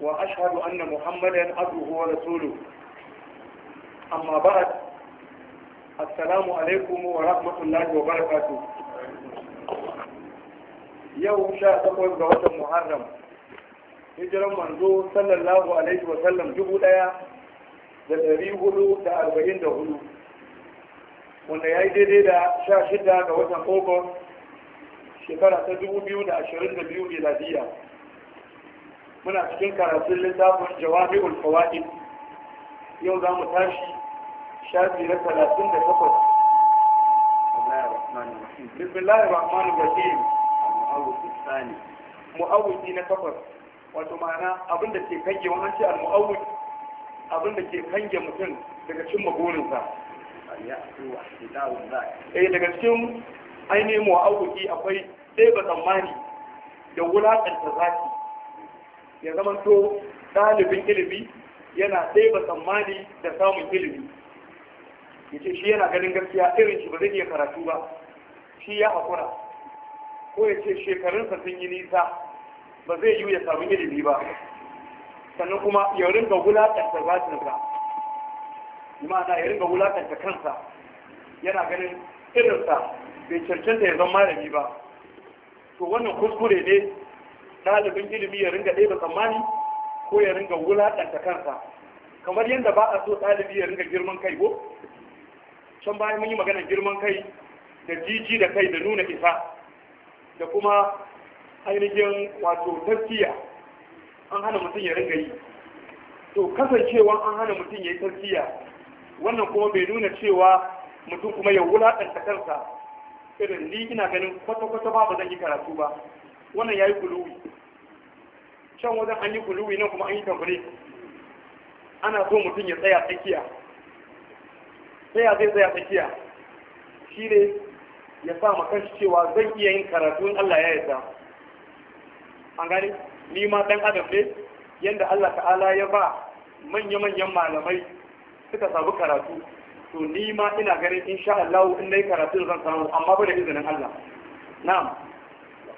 وأشهد أن محمدا عبده ورسوله أما بعد السلام عليكم ورحمة الله وبركاته يوم شاء تقول زوات محرم hijiran manzo sallallahu alaihi wa sallam dubu daya da dari hudu da arba'in da hudu wanda ya yi daidai da sha shida ga watan ogun shekara ta dubu biyu da ashirin da biyu muna cikin karatun littafin jawami'ul fawaid yau za mu tashi shafi na talatin da takwas bismillahir rahmanir rahim mu'awwidi na takwas wato ma'ana abin da ke kange wannan ce al-mu'awwid abin da ke kange mutum daga cimma burinsa eh daga cikin ainihin mu'awwidi akwai ɗaya ba tsammani da wulaƙanta zaki ya zamanto ɗalibin ilimi yana ɗaya tsammani da samun ilimi ya ce shi yana ganin gaskiya irin shi ba zai iya karatu ba shi ya haƙura ko ya ce shekarunsa sun yi nisa ba zai yi ya samu ilimi ba sannan kuma ya ringa wulaƙanta zatinsa imana ya ringa wulaƙanta kansa yana ganin irinsa bai cancanta ya zama malami ba to wannan kuskure ne ɗalibin ilimi ya ringa ɗaya tsammani ko ya ringa wulaɗanta kansa kamar yadda ba a so ɗalibi ya ringa girman kai ko can bayan mun yi magana girman kai da jiji da kai da nuna isa da kuma ainihin wato tarkiya an hana mutum ya ringa yi to kasancewa an hana mutum ya yi tarkiya wannan kuma bai nuna cewa mutum kuma ya wulaɗanta kansa irin ni ina ganin kwata-kwata ba zan yi karatu ba wannan ya yi kuluwi can wajen an yi kuluwi nan kuma an yi tamfure ana so mutum ya tsaya tsakiya tsaya zai tsaya tsakiya shi ne ya sa ma cewa zan iya yin karatu Allah ya yarda an gani ni ma dan adam ne yanda Allah ta'ala ya ba manya-manyan malamai suka sabu karatu to ni ma ina ganin insha Allah in na yi karatu zan samu amma ba da izinin Allah na'am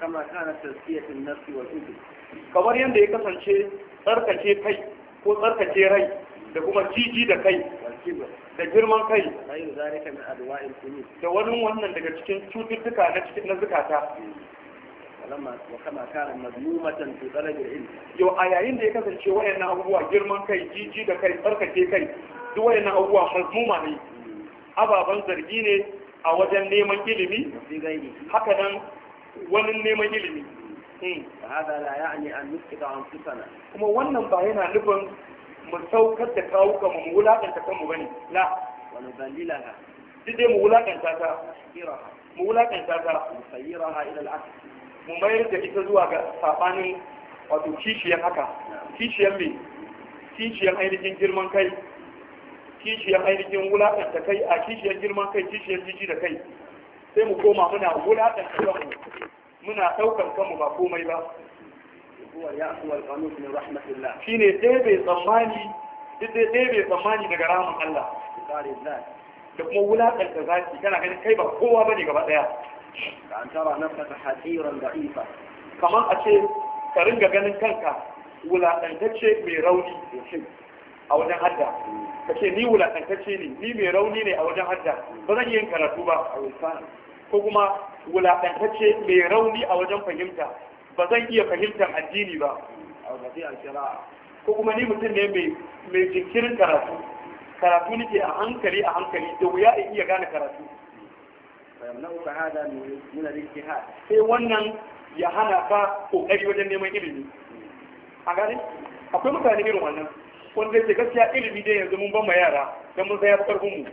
kama kana tazkiyatu nafsi wal ibn kamar yanda ya kasance tsarkace kai ko tsarkace rai da kuma jiji da kai da girman kai da wani wannan daga cikin cututtuka na cikin na zukata kama kana mazmumatan fi talabi ilm yo a yayin da ya kasance wayannan abubuwa girman kai jiji da kai tsarkace kai duk wayannan abubuwa mazmuma ne mm. ababan zargi ne a wajen neman ilimi haka nan wani neman ilimi hada la ya'ni an nusqita anfusana kuma wannan ba yana nufin mu saukar da kawo ka mu wulakanta kanmu bane la wa nudallilaha duk dai mu wulakanta ta mu wulakanta ta mu sayyiraha ila al-asr mu mayar da ita zuwa ga sabanin wato kishiyar haka kishiyar me kishiyar ainihin girman kai kishiyar ainihin wulakanta kai a kishiyar girman kai kishiyar jiji da kai sai mu koma muna wulatar kanmu muna ɗaukar kanmu ba komai ba shi ne ɗebe tsammani duk dai tsammani daga ramin Allah da kuma wulatar da zaki kana ganin kai ba kowa bane gaba ɗaya kamar a ce ka ringa ganin kanka wulakantacce mai rauni a wajen hadda mm. ka ce ni wulakantacce ne ni mai rauni ne a wajen hadda ba zan yi yin karatu ba ko kuma wulaƙantacce mai rauni a wajen fahimta ba zan iya fahimtar addini ba ko kuma ni mutum ne mai jinkirin karatu karatu nike a hankali a hankali da wuya in iya gane karatu sai wannan ya hana ka ɗari wajen neman ilimi a gane akwai mutane irin wannan wanda ke gaskiya ilimi dai yanzu mun ban ma yara don mun zai ya fi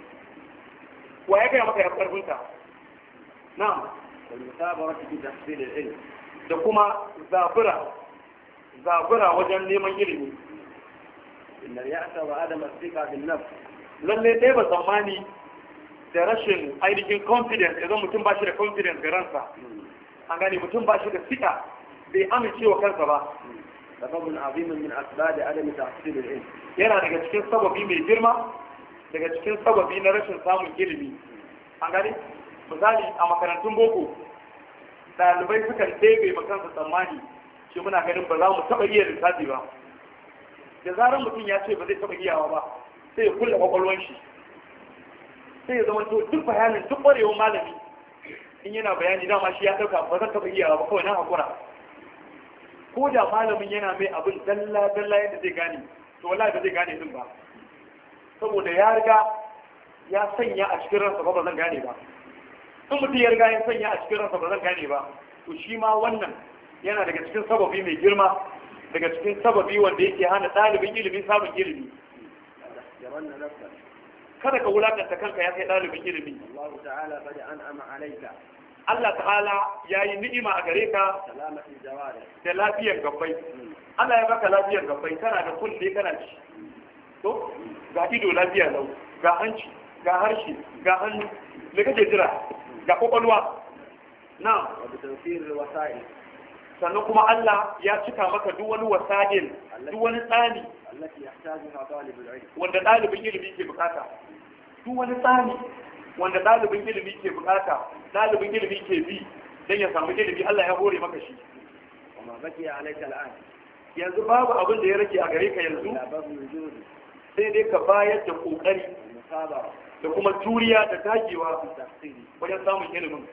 wa ya gaya maka ya fi ka na'am wal musabara fi tahsil da kuma zabura zabura wajen neman ilimi inna ya'ta wa adam as-siqa bil nafs ba zamani da rashin ainihin confidence idan mutum ba shi da confidence ga ransa an gane mutum ba shi da sika bai amincewa kansa ba sababun azimin min asbab adam tahsil al-ilm yana daga cikin sababi mai girma daga cikin sababi na rashin samun ilimi misali a makarantun boko ɗalibai sukan ɗebe makansa tsammani shi muna ganin ba za mu taɓa iya lissafi ba da zarar mutum ya ce ba zai taɓa iyawa ba sai ya kulle kwakwalwan shi sai ya zama to duk bayanin duk ƙwarewar malami in yana bayani dama shi ya ɗauka ba zan taɓa iyawa ba kawai na haƙura ko da malamin yana mai abin dalla dalla yadda zai gane to wallahi ba zai gane din ba saboda ya riga ya sanya a cikin ransa ba ba zan gane ba in mutum ya riga ya sanya a cikin ransa ba zan gane ba to shi ma wannan yana daga cikin sababi mai girma daga cikin sababi wanda yake hana ɗalibin ilimi samun ilimi kada ka wulakanta kanka ya kai ɗalibin ilimi Allah ta'ala ya yi ni'ima a gare ka da lafiyar gabbai Allah ya baka lafiyar gabbai kana da kulle kana ci to ga ido lafiya lau ga hanci ga harshe ga hannu me kake jira da kwakwalwa na sannan kuma Allah ya cika maka duk wani wasa'il duk wani tsani wanda ɗalibin ilimi ke bukata duk wani tsani wanda ɗalibin ilimi ke bukata ɗalibin ilimi ke bi don ya samu ilimi Allah ya hore maka shi yanzu babu abin da ya rage a gare ka yanzu sai dai ka bayar da kokari da kuma juriya da dagewa wajen samun ilimin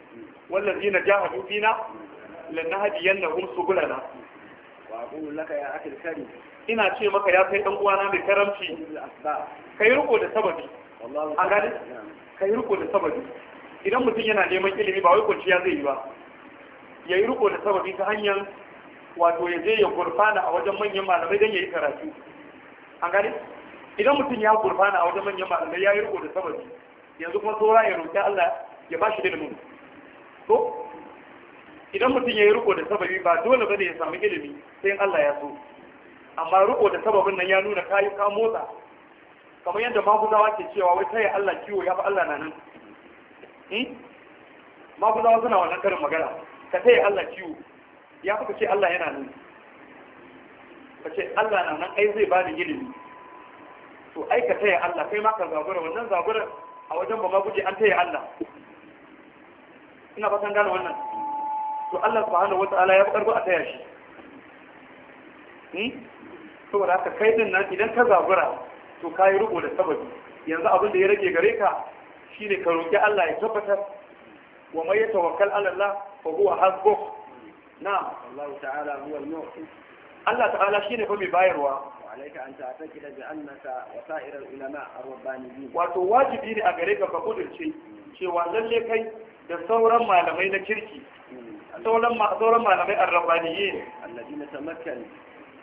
wannan zina jahadu fina su gulala. wa aqulu laka ya akil kari ina ce maka ya kai dan uwana mai karamci kai riko da sababi a gani kai riko da sababi idan mutum yana neman ilimi ba wai ya zai yi ba ya yi riko da sababi ta hanyar wato ya je ya gurfana a wajen manyan malamai don ya yi karatu a gani idan mutum ya gurfana a wajen manyan malamai ya yi riko da sababi yanzu kuma tsora ya roƙi Allah ya ba shi ilimin Ko idan mutum ya yi riko da sababi ba dole bane ya samu ilimi sai Allah ya so amma riko da sababin nan ya nuna kayi ka motsa kamar yadda maguzawa ke cewa wai taya Allah kiwo ya fi Allah na nan hmm? maguzawa suna wannan karin magana ka taya Allah kiwo ya fi ka ce Allah yana nan ka ce Allah na nan ai zai bani ilimi to aikata ya Allah kai ma ka zagura wannan zagura a wajen ba ma guje an taya Allah ina fatan gane wannan to Allah subhanahu wata'ala ya fi karbo a taya shi hmm? da haka kai din nan idan ka zagura to ka yi riko da sababi yanzu abin da ya rage gare ka shine ka roƙi Allah ya tabbatar wa mai tawakkal ala Allah fa huwa hasbuk na. Allah ta'ala huwa al-mu'ti Allah ta'ala shine fa mai bayarwa alaika an ta'taqida bi annaka wa sa'ir wato wajibi ne a gare ka ka kudurce cewa lalle kai da sauran malamai na kirki sauran sauran malamai ar-rabbaniyyin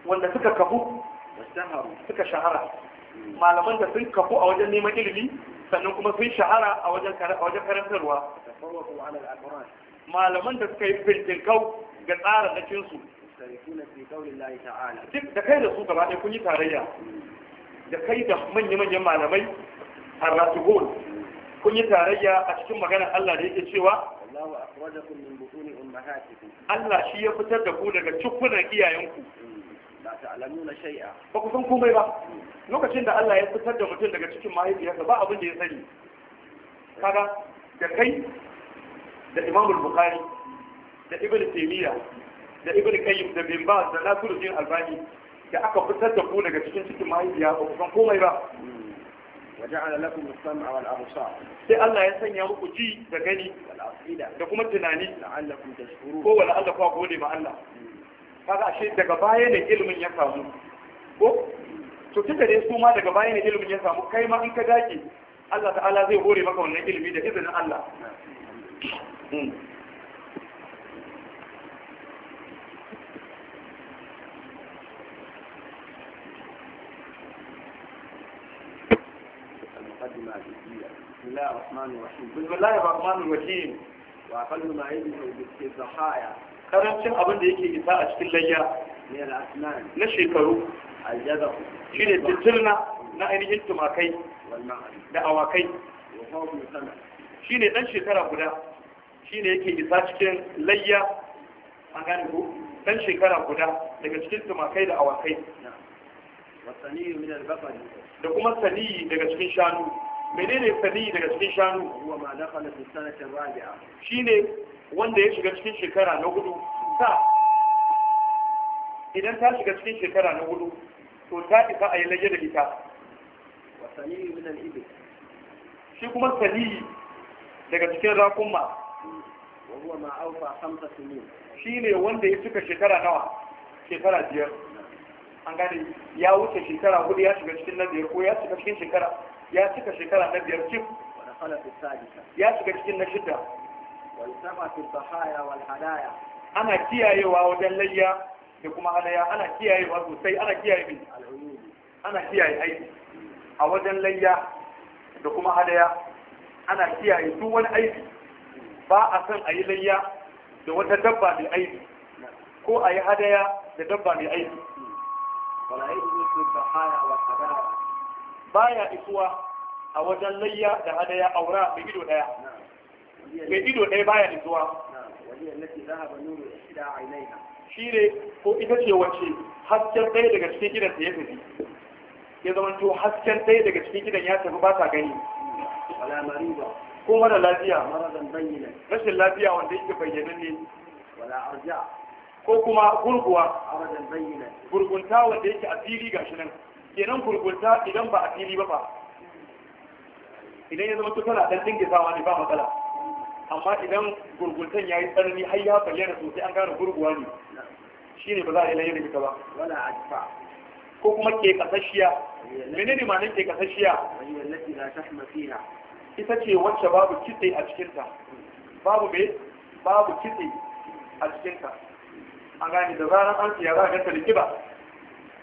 wanda suka kafu suka shahara sun kafu a wajen neman ilimi sannan kuma sun shahara a wajen karantarwa malaman da suka yi fintinkau ga tsara na cinsu duk da kai da su gaba ɗaya kun yi tarayya da kai da manya-manyan malamai a ratibol kun yi tarayya a cikin maganar Allah da yake cewa Allah shi ya fitar da ku daga cikunan iyayenku ba ku san komai ba lokacin da Allah ya fitar da mutum daga cikin mahaifiyarsa ba abin da ya sani kaga da kai da imamul bukhari da ibn taymiyyah da ibn qayyim da bin baz da nasiruddin albani da aka fitar da ku daga cikin cikin mahaifiya ba ku san komai ba وجعل لكم السمع والابصار sai Allah ya sanya muku ji da gani da kuma tunani la'allakum tashkurun ko wala Allah ku gode ma Allah kaga ashe daga baya ne ilimin ya samu ko to kika dai su ma daga baya ne ilimin ya samu kai ma in ka dake Allah ta'ala zai hore maka wannan ilimi da izinin Allah المالكية بسم الله الرحمن الرحيم بسم الله الرحمن الرحيم وأقل ما يجب الضحايا yake isa a cikin layya na shekaru shi ne titirna na ainihin tumakai da awakai shi ne ɗan shekara guda shi ne yake isa cikin layya a gane ɗan shekara guda daga cikin tumakai da awakai da kuma saniyi daga cikin shanu menene saniyi daga cikin shanu wa ma dakhala fi sanati rabi'a shine wanda ya shiga cikin shekara na hudu ta idan ta shiga cikin shekara na hudu to ta isa a yi lage da ita wa saniyi min al-ibil shi kuma saniyi daga cikin raƙumma wa huwa ma awfa khamsa sinin shine wanda ya cika shekara nawa shekara biyar an gane ya wuce shekara hudu ya shiga cikin na biyar ko ya shiga cikin shekara ya cika shekara na biyar cif ya shiga cikin na shida ana kiyayewa wajen layya da kuma hadaya ana kiyayewa sosai ana kiyaye ana kiyaye aiki a wajen layya da kuma hadaya ana kiyaye duk wani aiki ba a san a yi layya da wata dabba mai aiki ko a yi hadaya da dabba mai aiki wala baya isuwa a wajen layya da hadaya aura mai ido daya mai ido daya baya isuwa shi ne ko ita ce wacce hasken ɗaya daga cikin gidan ta ya tafi ya zama to hasken ɗaya daga cikin gidan ya tafi ba ta gani ko mara lafiya rashin lafiya wanda yake bayyanan ne ko kuma gurguwa gurgunta wanda yake a fili gashi nan kenan gurgunta idan ba a fili ba fa idan ya zama to tana dan dingisawa ne ba matsala amma idan gurguntan ya yi tsanani har ya bayyana sosai an gane gurguwa ne shi ne ba za a yi layin da ba ko kuma ke kasashiya menene ma'anar ke kasashiya ita ce wacce babu kitse a cikinta babu be babu kitse a cikinta an da zarar an siya za a ganta da kiba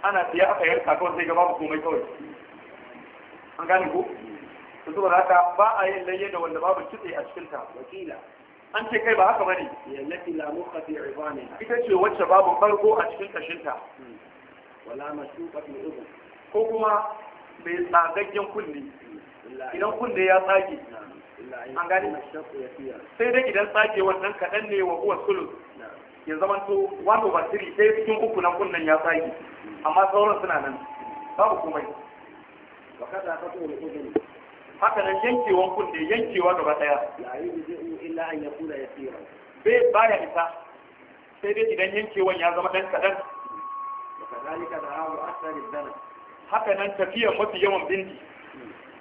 ana siya aka yarka kawai sai gaba ku komai kawai an ku ko to saboda haka ba a yin layye da wanda babu kitse a cikin ta wakila an ce kai ba haka bane yallati la mukha fi ita ce wacce babu farko a cikin kashin ta hmm. wala mashuqa fi ubun ko kuma mai tsagaggen kulli idan Kunde ya tsage an gani sai dai idan tsage wannan kaɗan ne wa uwa sulus ya zama to wato ba tiri sai cikin uku nan kunnan ya tsage amma sauran suna nan babu komai wa kada ka tsoro kudin haka nan yankewan kunne yankewa gaba daya ya yi bizu illa an yakuna yasira bai baya isa sai dai idan yankewan ya zama dan kadan kadalika da hawo asali dana haka nan tafiya mafi yawan bindi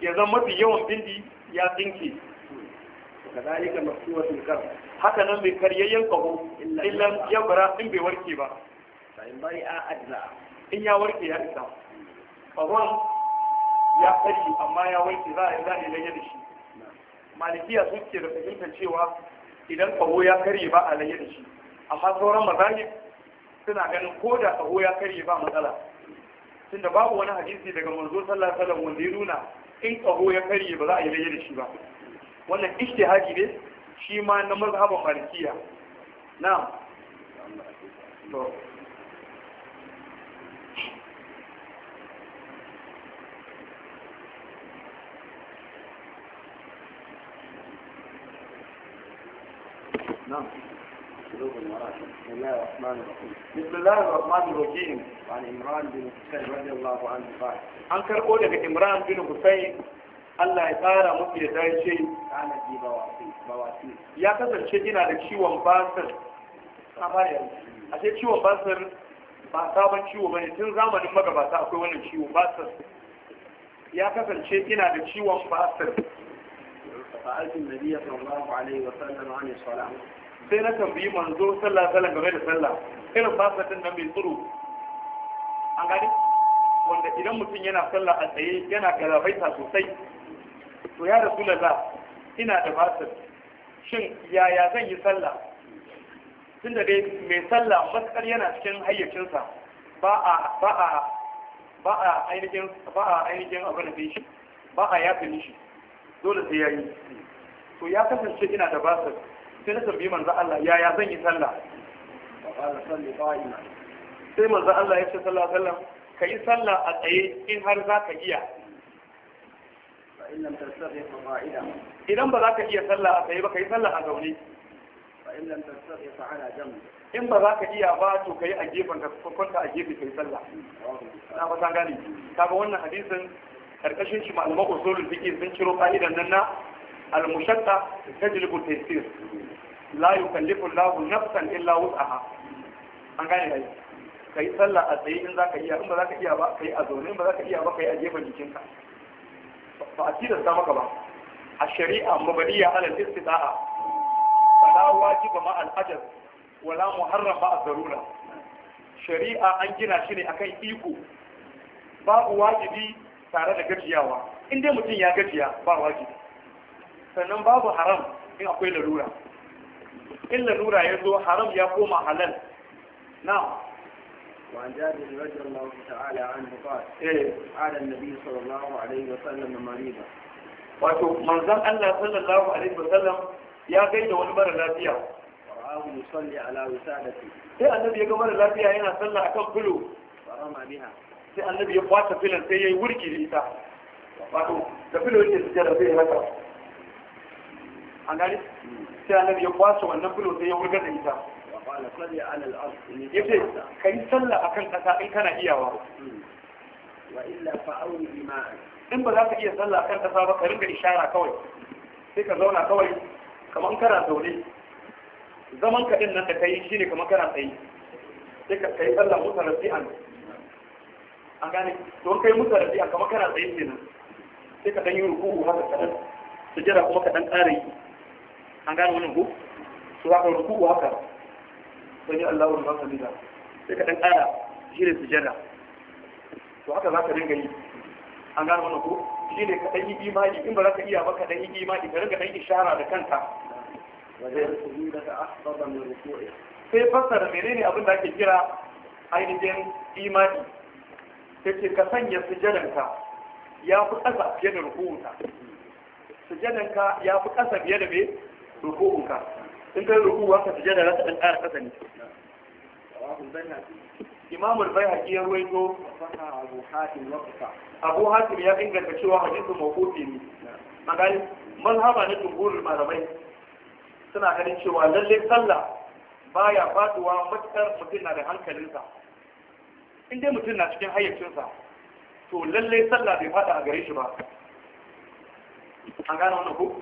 ya zama mafi yawan bindi ya tsinke kadhalika mafsuwatul qalb haka nan mai karyayyen kaho illan yabra in bai warke ba in bari a adla in ya warke ya isa kahon ya kari amma ya warke za a za a laye da shi malikiya suke da fahimtar cewa idan kaho ya karye ba a laye da shi amma sauran mazahib suna ganin ko da kaho ya karye ba matsala tunda babu wani hadisi daga manzo sallar alaihi wanda ya nuna in kaho ya karye ba za a yi laye da shi ba wannan ijtihadi ne shi ma na mazhabin malikiya na'am to نعم بسم الله الرحمن الرحيم بسم الله الرحمن الرحيم عن عمران بن حسين رضي الله عنه قال عن لك عمران بن حسين Allah ya tsara muku ya dace ana ji bawasi ya kasance ina da ciwon basir a ce ciwon basir ba sabon ciwo bane tun zamanin magabata akwai wannan ciwo basir ya kasance ina da ciwon basir fa'altin nabiyya sallallahu alaihi wa sallam an salat sai na tambayi manzo sallallahu alaihi game da sallah irin basir din nan mai tsuru an gani wanda idan mutum yana sallah a tsaye yana galabaita sosai to ya za ina da basir shin yaya zan yi sallah tunda dai mai sallah matsar yana cikin hayyacinsa ba a ainihin abin da shi ba a yafi shi dole sai yayi to ya kasance ina da basir sai na tambayi manzo Allah yaya zan yi sallah sai manzo Allah ya ce sallallahu alaihi ka yi sallah a tsaye in har za ka iya idan ba za ka iya sallah a tsaye ba ka yi sallah a zaune in ba za ka iya ba to ka yi a gefen ka kwanta a gefe ka yi sallah na ba gani ta ga wannan hadisin karkashin shi malaman usulul fiqh sun ciro fa'idan nan na al-mushaqqa tajlibu taysir la yukallifu Allahu nafsan illa wus'aha an gane Ka yi sallah a tsaye in za ka iya in ba za ka iya ba yi a zaune in ba za ka iya ba ka yi a gefen jikinka ba a tilasta maka ba a shari'a mabariya alal istita'a fala wajiba ma al ajab wala muharram ba zarura shari'a an gina shi ne akan iko ba wajibi tare da gajiyawa in dai mutum ya gajiya ba wajibi sannan babu haram in akwai larura in larura ya zo haram ya koma halal na وعن جابر رضي الله تعالى عنه قال قال النبي صلى الله عليه وسلم مريضا wato manzon Allah sallallahu alaihi wasallam ya gaida wani mara lafiya ra'ahu yusalli ala wisadati sai annabi ya ga mara lafiya yana sallah akan filo farama biha sai annabi ya kwata filan sai yayi wurgi da ita wato da filo yake sujjada sai ya haka an gani sai annabi ya wannan filo sai ya da ita yace kai sallah akan kasa in kana iyawa hmm. wa illa fa'awi bima in ba za ka iya sallah akan kasa ba ka ringa ishara kawai sai ka zauna kawai kamar in kana zaune zaman ka din nan da kai shine kamar kana tsaye sai ka kai sallah mutarabbi'an an gane don kai mutarabbi'an kamar kana tsaye kenan sai ka dan yi ruku'u haka kadan sujjada kuma ka dan ƙara yi an gane wannan ko su haka ruku'u haka sani Allahu liman hamida sai ka dan ƙara shi ne sujada to haka za ka dinga yi an gano wannan ko shi ne ka dan yi imani in ba za ka iya ba ka dan yi imani ka rinka ɗan ishara da kanka sai fassara menene abin da ake kira ainihin imani ta ce ka sanya sujadanka ya fi ƙasa fiye da rukunka sujadanka ya fi ƙasa fiye da me rukunka in kai ruku ba ka sujada za ka dan ƙara ƙasa ne imam al-bayhaqi ya ruwaito abu hatim ya inganta cewa hadisin mawqufi ne magani mazhaba na jumhurul malamai suna ganin cewa lalle sallah baya faduwa matakar mutum na da hankalinsa in dai mutum na cikin hayyacinsa to lalle sallah bai fada a gare shi ba an gane wannan ko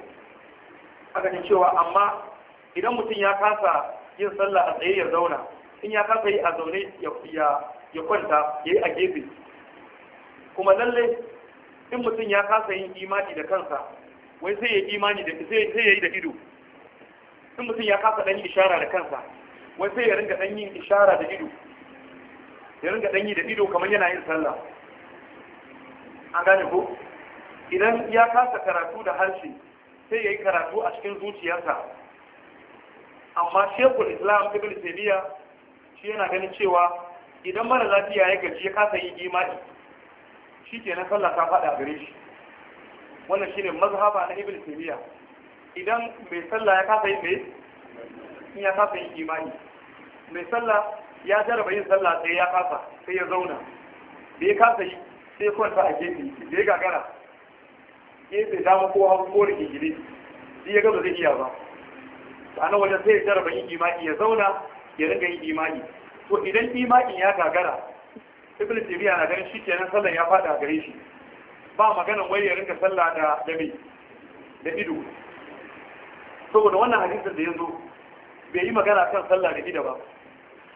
aka ce cewa amma idan mutum ya kasa yin sallah a tsaye ya zauna in ya kasa yi a zaune ya kwanta ya yi a gefe kuma lalle in mutum ya kasa yin imani da kansa wai sai ya yi imani da sai sai ya yi da ido in mutum ya kasa dan ishara da kansa wai sai ya ringa dan yin ishara da ido ya ringa dan yi da ido kamar yana yin sallah an gane ko idan ya kasa karatu da harshe sai ya yi karatu a cikin zuciyarsa amma shekul islam ibn taymiya shi yana ganin cewa idan mara lafiya ya gaji ya kasa yi imani na sallah ta fada gare shi wannan ne mazhaba na ibn taymiya idan mai sallah ya kasa yi mai ya kasa yi imani mai sallah ya jaraba yin sallah sai ya kasa sai ya zauna da ya kasa yi sai kwanta a gefe da ya gagara gefe dama ko hau ko rigigiri sai ya gaba zai iya ba ana wajen sai ya jarraba yin imani ya zauna ya ringa yin imani to idan imani ya gagara ibn tabiya na ganin shikenan sallan ya fada gare shi ba maganan wai ya ringa sallah da da da ido saboda wannan hadisin da yanzu bai yi magana kan sallah da ido ba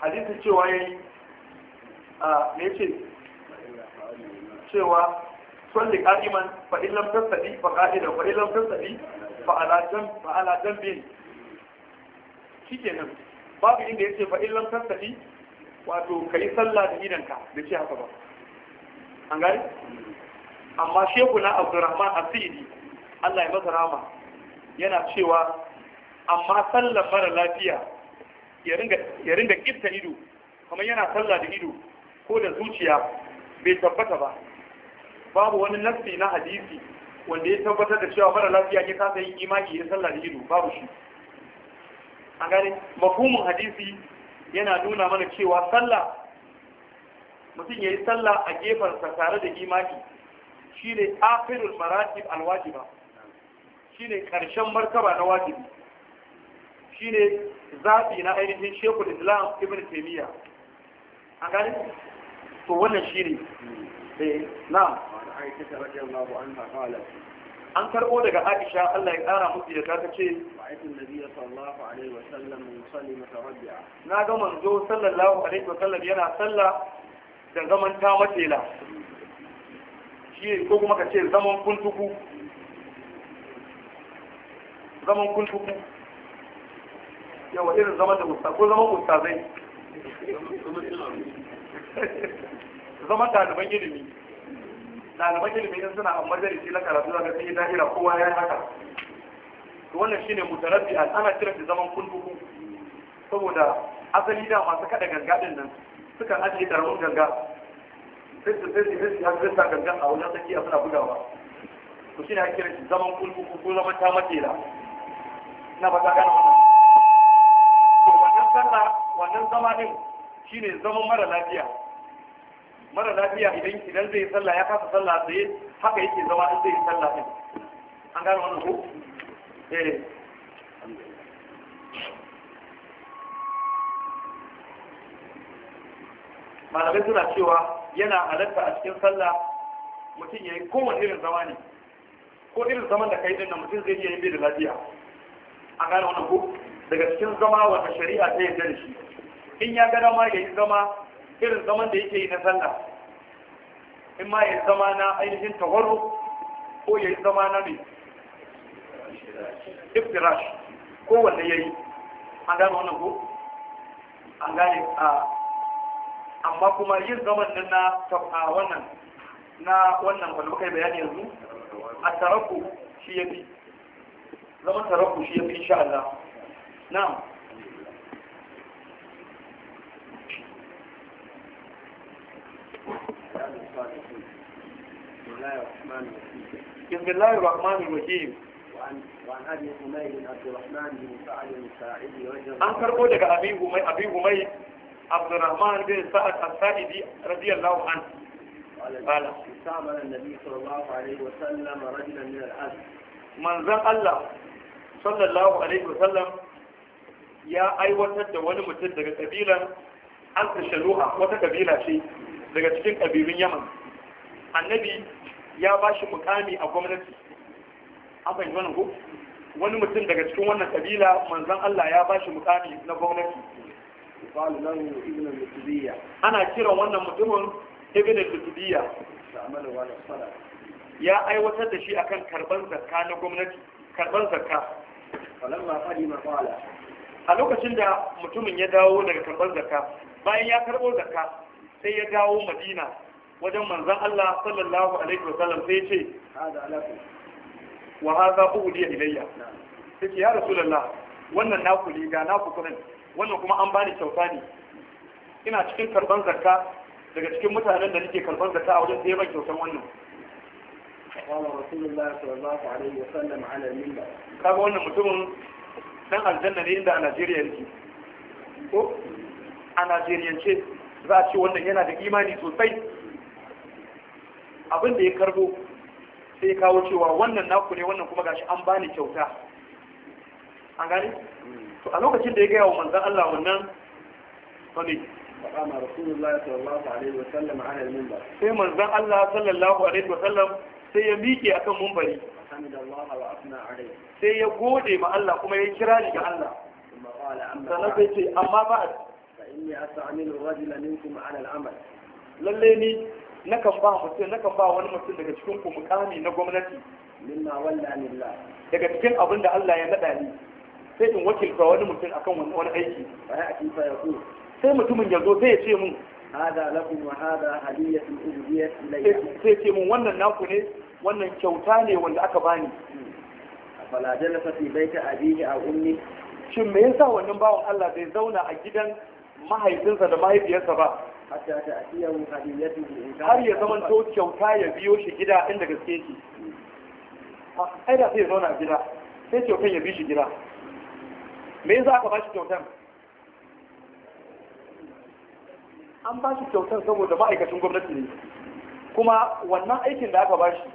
hadisin cewa yayi a me yace cewa salli qa'iman fa illam tasdi fa qa'idan fa illam tasdi fa ala fa ala jambin shikenan babu inda yace fa illan tastafi wato kai sallah da idanka da ce haka ba an gari amma shehu na abdurrahman asidi Allah ya masa rama yana cewa amma sallar mara lafiya ya ringa kifta ido kamar yana sallah da ido ko da zuciya bai tabbata ba babu wani nassi na hadisi wanda ya tabbatar da cewa mara lafiya ya kasa yin imani ya sallah da ido babu shi an gane mafumin hadisi yana nuna mana cewa sallah mutum ya yi sallah a gefensa tare da imani shi ne afirul maratib alwajiba shi ne ƙarshen martaba na wajibi shi ne zaɓi na ainihin shekul islam ibn taimiyya an gani to wannan shi ne hmm. eh, na an karbo daga aisha Allah ya kara musu da ta ce ma'aikin nabi sallallahu alaihi wa sallam mun musalli mutawaddi'a na ga manzo sallallahu alaihi wa sallam yana sallah da zaman ta matela shi ko kuma ka ce zaman kuntuku zaman kuntuku yawa irin zaman da ustaz ko zaman ustazai zaman ta ɗaliban ilimi ɗaliban ilimi in suna a majalisi na karatu da sun yi da'ira kowa ya haka to wannan shine mutarabbi an ana kira shi zaman kunduku saboda asali da masu kada ganga din nan sukan ajiye karamin ganga sai su sai su sai su ganga a wajen tsakiya suna bugawa to shine ake kira shi zaman kunduku ko zaman ta makera na ba ta gane wannan to wannan sallah wannan zama shine zaman mara lafiya mara lafiya idan idan zai sallah ya kasa sallah sai haka yake zama in zai sallah din an gano wannan ko eh malamai suna cewa yana halatta a cikin sallah mutum ya yi kowane irin zama ne ko irin zaman da kai din nan mutum zai iya yin bai da lafiya an gano wannan ko daga cikin zama wata shari'a ta yarda shi in ya gada ma ya yi zama irin zaman da yake yi na sallah in ma ya zama na ainihin tawarru ko ya yi zama na mai iftirash ko wanda ya yi an gane wannan ko an gane a amma kuma yin zaman nan na tafa wannan na wannan wanda muka yi bayani yanzu a taraku shi ya fi zaman taraku shi ya fi insha'allah Allah na'am بسم الله الرحمن الرحيم an karbo daga abin humai abdurrahman bin sa'ad al-sa'idi radiyallahu an qala istamana nabi sallallahu alaihi wa sallam rajulan min al-azm manzan Allah sallallahu alaihi wa sallam ya aiwatar da wani mutum daga kabilan an tashaluha wata kabila ce daga cikin ƙabilun yaman annabi ya ba shi mukami a gwamnati an wani ko wani mutum daga cikin wannan kabila manzon Allah ya ba shi mukami na gwamnati ana kiran wannan mutumin ibn al-tutubiyya ya aiwatar da shi akan karban zakka na gwamnati karban zakka a lokacin da mutumin ya dawo daga karban zakka bayan ya karbo zakka sai ya dawo madina wajen manzan Allah sallallahu alaihi wasallam sai ce wa haza uhdiya ilayya sai ya rasulullah wannan naku ne ga naku kunan wannan kuma an bani kyauta ne ina cikin karban zakka daga cikin mutanen da nake karban zakka a wajen sai ban kyautan wannan قال رسول الله صلى الله عليه وسلم على المنبر kaga wannan mutumin dan aljanna ne inda a Najeriya yake ko a Najeriya ce za a ce wannan yana da imani sosai abin da ya karbo sai ya kawo cewa wannan naku ne wannan kuma gashi an bani kyauta an gani to a lokacin da ya gaya wa manzan Allah wannan fami faɗama rasulullahi sallallahu alaihi wa sallam ala al-minbar sai manzan Allah sallallahu alaihi wa sallam sai ya miƙe akan mumbari sai ya gode ma Allah kuma ya kira ni ga Allah sannan sai ce amma ba inni asta'milu rajulan minkum ala al-amal lalle ni nakan ba mutum nakan ba wani mutum daga cikin ku mukami na gwamnati mimma walla lillah daga cikin abin da Allah ya nada ni sai in wakilta wani mutum akan wani aiki fa ya aki fa yaqul sai mutumin ya zo sai ya ce mun hada lakum wa hada hadiyatun ubudiyat ilayya sai ce mun wannan naku ne wannan kyauta ne wanda aka bani fala jalasa fi baita abihi a ummi shin me yasa wannan bawon Allah bai zauna a gidan mahaifinsa da mahaifiyarsa ba har ya zama to kyauta ya biyo shi gida inda gaske shi ai da sai ya zauna gida sai kyautan ya bi shi gida me yasa aka ba shi kyautan an ba shi kyautan saboda ma'aikacin gwamnati ne kuma wannan aikin da aka ba shi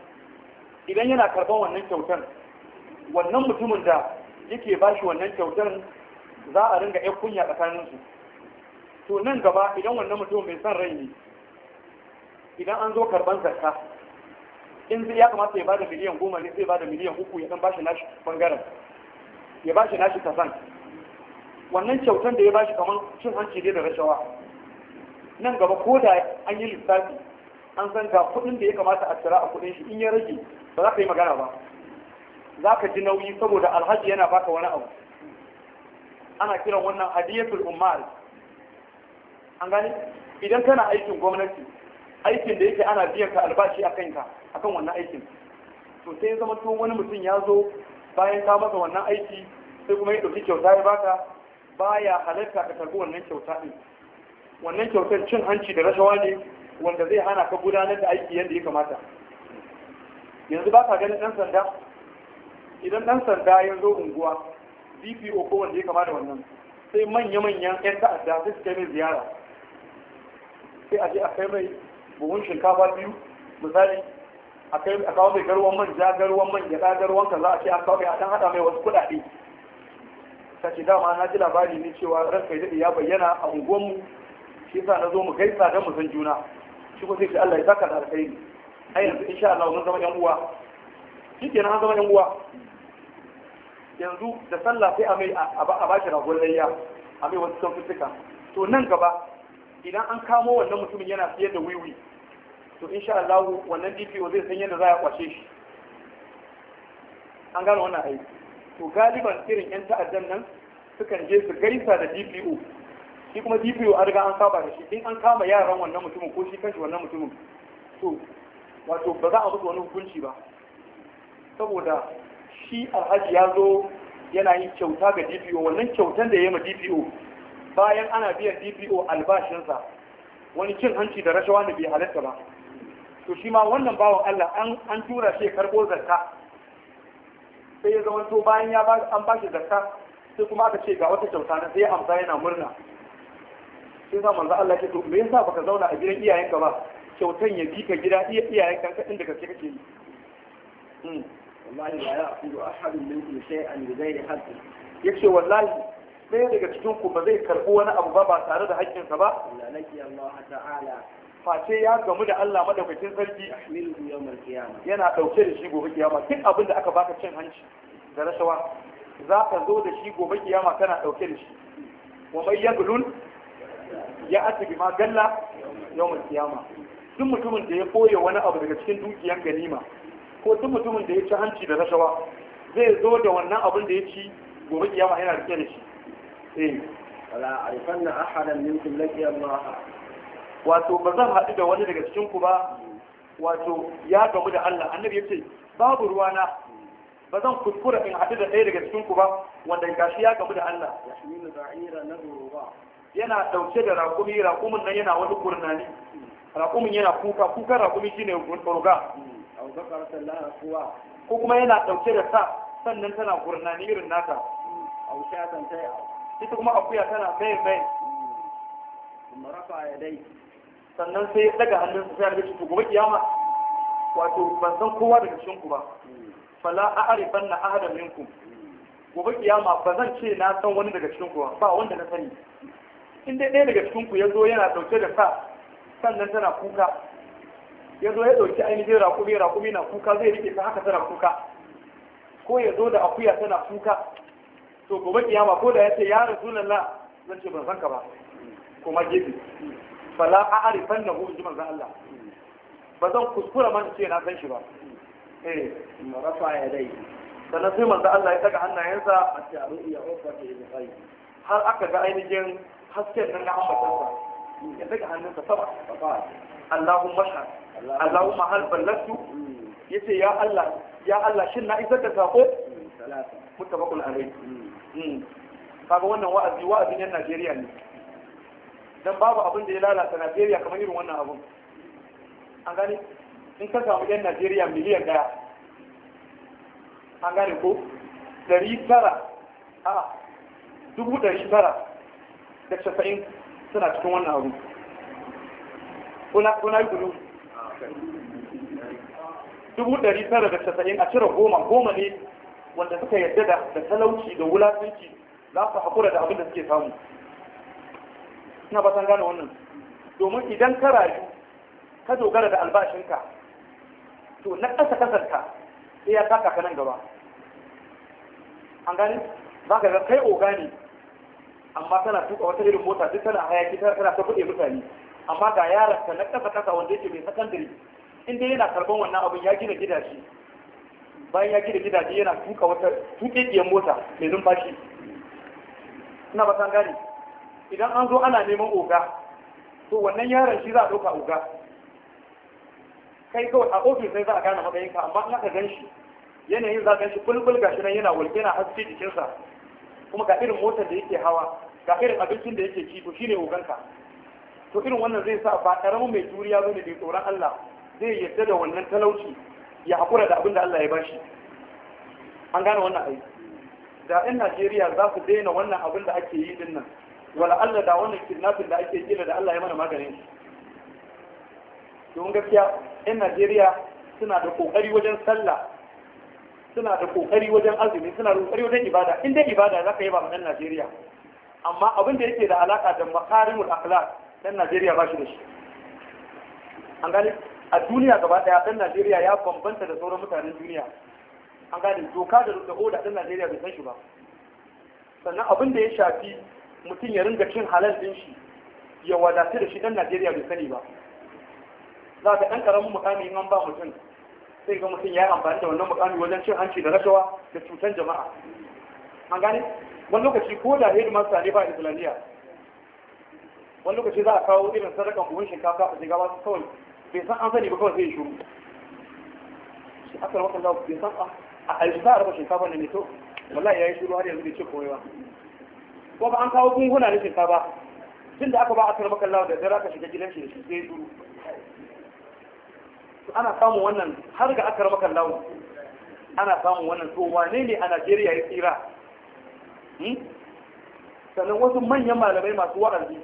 idan yana karban wannan kyautan wannan mutumin da yake ba shi wannan kyautan za a ringa yan kunya tsakaninsu to nan gaba idan wannan mutum mai son rai ne idan an zo karban zakka in zai ya kamata ya bada miliyan goma ne sai bada miliyan uku ya dan bashi nashi bangaren ya bashi nashi kasan wannan kyautan da ya bashi kamar cin hanci ne da rashawa nan gaba ko da an yi lissafi an san ga kuɗin da ya kamata a tsira a kuɗin shi in ya rage ba za ka yi magana ba za ka ji nauyi saboda alhaji yana baka wani abu ana kiran wannan hadiyatul umar an gani idan kana aikin gwamnati aikin da yake ana biyan ka albashi a kanka a kan wannan aikin to sai zama tun wani mutum ya zo bayan ka masa wannan aiki sai kuma ya ɗauki kyauta ya baka baya halarta ka tarbi wannan kyauta ɗin wannan kyautar cin hanci da rashawa ne wanda zai hana ka gudanar da aiki yadda ya kamata yanzu ba ka ganin ɗan sanda idan ɗan sanda ya zo unguwa bpo ko wanda ya kama da wannan sai manya-manyan 'yan ta'adda sai su kai mai ziyara sai a je a kai mai buhun shinkafa biyu misali a kawo mai garuwan manja garuwan manja da garuwan za a ce a kawo mai a dan hada mai wasu kuɗaɗe ta ce dama na ji labari ne cewa kai ya ya bayyana a unguwanmu shi sa na zo mu gaisa don mu san juna shi ko sai ce Allah ya saka da alkhairi ai yanzu insha Allah mun zama yan uwa shi ke an zama yan uwa yanzu da sallah sai a mai a ba shi ragon layya a mai wasu kan to nan gaba idan an kamo wannan mutumin yana siyar da wiwi to insha Allah wannan DPO zai san yadda za a kwashe shi an gano wannan aiki to galiban irin yan ta'addan nan sukan je su gaisa da DPO shi kuma DPO an riga an saba da shi in an kama yaran wannan mutumin ko shi kanshi wannan mutumin to wato ba za a musu wani hukunci ba saboda shi alhaji ya zo yana yin kyauta ga DPO wannan kyautan da ya yi ma DPO bayan ana biyan dpo albashinsa wani cin hanci da rashawa ne bai halatta ba to shi ma wannan bawan allah an tura shi karɓo zakka sai ya zama to bayan ya an ba shi zakka sai kuma aka ce ga wata kyauta na sai ya amsa yana murna sai za manzo Allah ke to me yasa baka zauna a gidan iyayenka ba kyautan ya bi ka gida iya iyayenka ka inda kake kake yi hmm. wallahi la ya'qulu ahadun minkum shay'an bi ghairi haqqi yace wallahi ɗaya daga cikin ku ba zai karɓi wani abu ba ba tare da haƙƙinsa ba face ya gamu da Allah madaukakin sarki yana ɗauke da shi gobe kiyama duk abin da aka baka cin hanci da rashawa za ka zo da shi gobe kiyama kana ɗauke da shi wa mai yaglun ya ati bi ma galla yawmal kiyama duk mutumin da ya koya wani abu daga cikin dukiyar ganima ko duk mutumin da ya ci hanci da rashawa zai zo da wannan abin da ya ci gobe kiyama yana rike da shi wala arifanna ahadan min laqiya Allah wato ba zan haɗu da wani daga cikin ku ba wato ya gamu da Allah annabi yace babu ruwana ba zan kuskura in haɗu da ɗaya daga cikin ku ba wanda gashi ya gamu da Allah yana ɗauke da raƙumi raƙumin nan yana wani gurnani raƙumin yana kuka kuka raƙumi shine ruga ko kuma yana ɗauke da sa sannan tana gurnani irin nata ita kuma akuya tana bai bai rafa ya dai sannan sai ya daga hannun sai ya to gobe kiyama wato ban san kowa daga cikin ku ba fala a'rifan na ahadan minkum gobe kiyama ba zan ce na san wani daga cikin ku ba wanda na sani in dai ɗaya daga cikin ku ya zo yana dauke da sa sannan tana kuka ya zo ya dauki ainihin raƙumi raƙumi na kuka zai rike ta haka tana kuka ko ya zo da akuya tana kuka to gobe kiyama ko da yace ya rasulullah zan ce ban san ka ba kuma gefe fala a'rifan lahu in ji manzon Allah ba zan kuskura man ce na san shi ba eh rafa ya dai sannan sai manzon Allah ya daga hannayensa a ce taru ya ofa ta yi kai har aka ga ainihin hasken nan na ambatansa ya daga hannunsa sama Allahumma shahad Allahumma hal ballatu hmm. yace ya Allah ya Allah shin na isar da sako hmm, mutabakul alayhi hmm. Hmm. kaga wannan wa'azi wa'azin yan Najeriya ne dan babu abin da ya lalata Najeriya kamar irin wannan abun an gane in ka samu yan Najeriya miliyan daya an gane ko Dari tara a dubu dari tara da casa'in suna cikin wannan abu kuna yi gudu ah, dubu dari tara da casa'in a cire goma goma ne wanda suka yarda da talauci da wulafinci za su haƙura da abin da suke samu ina ba san gane wannan domin idan ka rayu ka dogara da albashinka to na ƙasa ƙasarka sai ya taka ka nan gaba an gane ba ka ga kai oga ne amma tana tuka wata irin mota duk tana hayaki tana ta kuɗe mutane amma ga yaranka na ƙasa ƙasa wanda yake mai sakandare in dai yana karɓar wannan abin ya gina gidaje bayan ya gida gidaje yana tuka wata tuƙeƙiyar mota mai numfashi ina ba san gane idan an zo ana neman oga to wannan yaron shi za a ɗauka oga kai kawai a ofis sai za a gane matsayinka amma in aka gan shi yanayin za a gan shi ga shi nan yana walke na haske jikinsa kuma ga irin motar da yake hawa ga irin abincin da yake ci to ne oganka to irin wannan zai sa ba ƙaramin mai juriya ne mai tsoron Allah zai yarda da wannan talauci ya haƙura da abin da Allah ya bashi an gane wannan aiki da in Najeriya za su daina wannan abin da ake yi din nan wala Allah da wannan kidnapping da ake kila da Allah ya mana maganin shi domin gaskiya in Najeriya suna da kokari wajen sallah suna da kokari wajen azumi suna da kokari wajen ibada in dai ibada za ka yi ba ɗan Najeriya amma abin da yake da alaka da makarimul akhlaq ɗan Najeriya ba shi da shi an gane a duniya gaba daya dan Najeriya ya bambanta da sauran mutanen duniya an gane doka da da oda dan Najeriya bai san shi ba sannan abin da ya shafi mutum ya ringa cin halal din shi ya wadatu da shi dan Najeriya bai sani ba za ka dan karamin mukami in an ba mutum sai ga mutum ya amfani da wannan mukami wajen cin hanci da rashawa da cutar jama'a an gane wani lokaci ko da headmaster ne ba islamiyya wani lokaci za a kawo irin sadakan buhun shinkafa a shiga wasu kawai bai san an sani ba kawai sai ya shuru shi aka rama kan bai san a aiki za a raba shinkafa ne to wallahi ya yi shuru har yanzu bai ce komai ba ko ba an kawo gunguna na shinkafa tun da aka ba aka rama kan da dare aka shiga gidan shi da shi sai shuru ana samun wannan har ga aka rama kan ana samun wannan to wane ne a Najeriya ya tsira hmm? sannan wasu manyan malamai masu wa'azi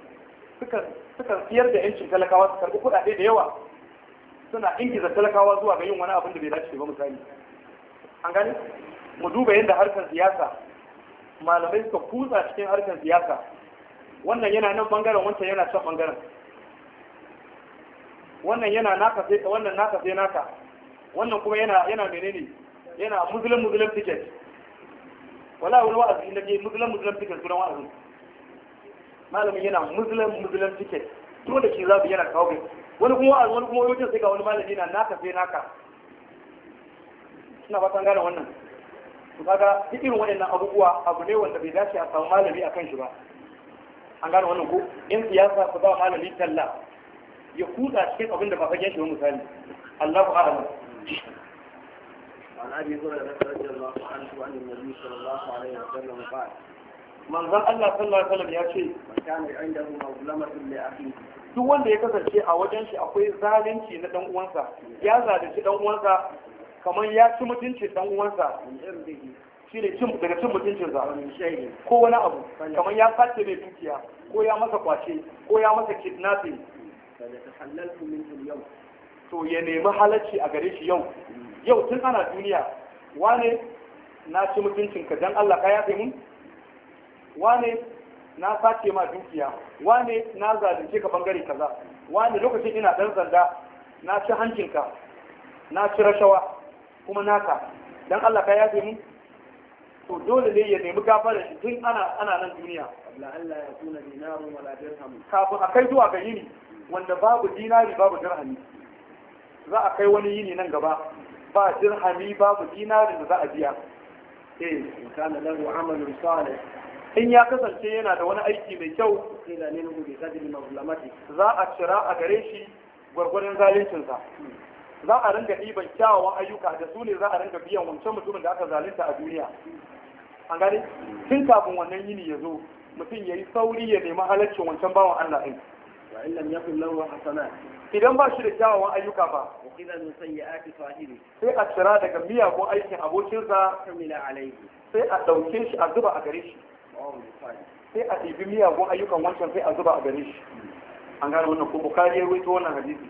sukan siyar da yancin talakawa su karɓi kuɗaɗe da yawa suna ingiza talakawa zuwa ga yin wani abin da bai dace ba misali an gani mu duba yadda harkar siyasa malamai suka kutsa cikin harkar siyasa wannan yana nan bangaren wancan yana can bangaren wannan yana naka sai wannan naka sai naka wannan kuma yana yana menene yana muslim muslim ticket wala wani wa'azi inda ke muslim muslim ticket sunan wa'azi malamin yana muslim muslim ticket to da shi zabi yana kawo wani kuma wa'azi wani kuma wajen sai ga wani malami na naka sai naka suna fatan gane wannan su kaga duk irin waɗannan abubuwa abu ne wanda bai dace a samu malami a kan shi ba an gane wannan ko in siyasa ku ba malami talla ya kuta cikin abin da ba fagen shi ba misali Allahu a'lam عن ابي هريره رضي الله عنه عن ya صلى الله عليه وسلم قال من ظن الله صلى الله عليه وسلم يا شيخ من كان عنده مظلمه لاخيه duk wanda ya kasance a wajen shi akwai zalunci na dan uwansa ya zalunci dan uwansa kamar ya ci mutuncin dan uwansa shi ne cin daga cin mutuncin za ko wani abu kamar ya sace mai dukiya ko ya masa kwace ko ya masa kidnapping to ya nemi halacci a gare shi yau yau tun ana duniya wane na ci mutuncin ka dan Allah ka yafe mun wane na sace ma dukiya Wani na zalunce ka bangare kaza Wani lokacin ina dan sanda na ci hankinka na ci rashawa kuma naka dan Allah ka yafe mu to dole ne ya nemi gafara shi tun ana ana nan duniya la Allah ya tuna dinarun wala dirham kafin akai zuwa ga yini wanda babu dinari babu dirhami za a kai wani yini nan gaba ba dirhami babu dinarin da za a biya eh kana lahu amalun salih in ya kasance yana da wani aiki mai kyau za a cira a gare shi gwargwadon zaluncinsa za a ringa ɗiban kyawawan ayyuka da su ne za a ringa biyan wancan mutumin da aka zalunta a duniya an gane tun kafin wannan yini ya zo mutum ya yi sauri ya nemi halaccin wancan bawan Allah ɗin idan ba shi da kyawawan ayyuka ba sai a cira daga miyagun aikin abokinsa sai a ɗauke shi a zuba a gare shi sai a ɗibi miyagun ayyukan wancan sai a zuba a gare shi an gane wannan ko bukari ya wannan hadisi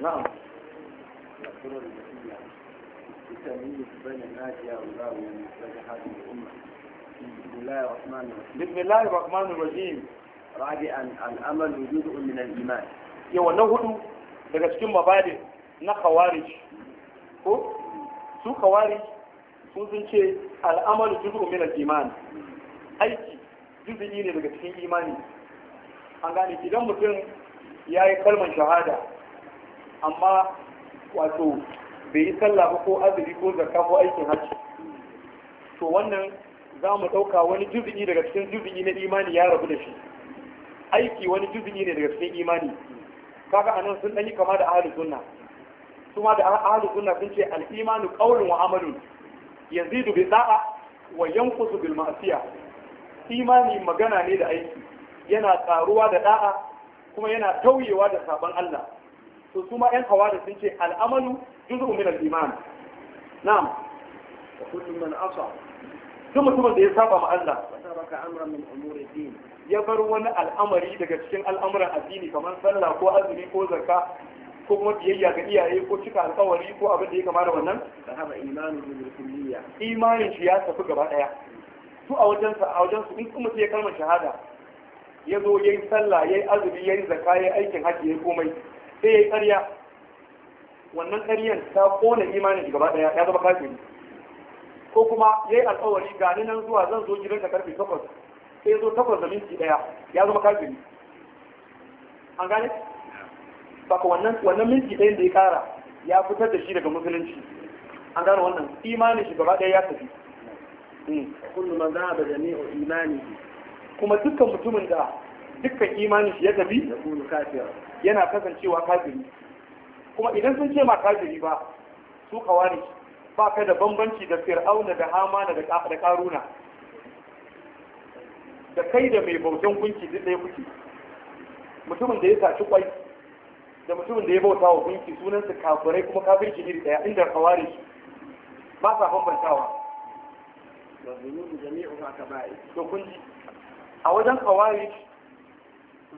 na'am بسم الله الرحمن الرحيم الامل من الايمان yawa na hudu daga cikin mabadin na khawarij ko su khawarij sun sun ce al'amalu juz'u min al-iman aiki juz'i ne daga cikin imani an gane idan mutum ya yi kalmar shahada amma wato bai yi sallah ba ko azumi ko zakka ko aikin hajji to wannan za mu ɗauka wani juz'i daga cikin juz'i na imani ya rabu da shi aiki wani juz'i ne daga cikin imani kaga anan sun dan yi kama da ahlus sunna su da ahlus sunna sun ce al-imanu qawlun wa amalun yazidu bi da'a wa yanqusu bil ma'siya imani magana ne da aiki yana tsaruwa da da'a kuma yana tauyewa da sabon Allah to su ma yan da sun ce al-amalu juz'un min al-iman na'am wa kullu man asa duk mutumin da ya saba ma Allah ya bar wani al'amari daga cikin al'amuran addini kamar sallah ko azumi ko zakka ko kuma biyayya ga iyaye ko cika alkawari ko abin da ya kama da wannan imanin shi ya tafi gaba daya su a wajen a wajen su in kuma ya kalmar shahada ya zo yayi sallah yayi azumi yayi zakka yayi aikin hajji yayi komai sai yayi ƙarya wannan ƙaryan ta kona imanin shi gaba daya ya zama kafiri ko kuma yayi alƙawari ga ni nan zuwa zan zo ka karfe 8 sai zo 8 da minti daya ya zama kafiri an gane ko wannan wannan minti ɗayan da ya kara ya fitar da shi daga musulunci an gane wannan imanin shi gaba ɗaya ya tafi hmm. kullu man da jami'u imani. kuma dukkan mutumin da dukkan imanin shi ya tafi yana kasancewa kafiri kuma idan sun ce ma kafiri ba su kawari ba ka da bambanci da fir'auna da hama da karuna da kai da mai bautan gunki duk ɗaya kuke mutumin da ya saci kwai da mutumin da ya bauta wa gunki sunansa kafirai kuma kafirci da ɗaya inda kawari ba sa bambantawa to kun ji a wajen kawari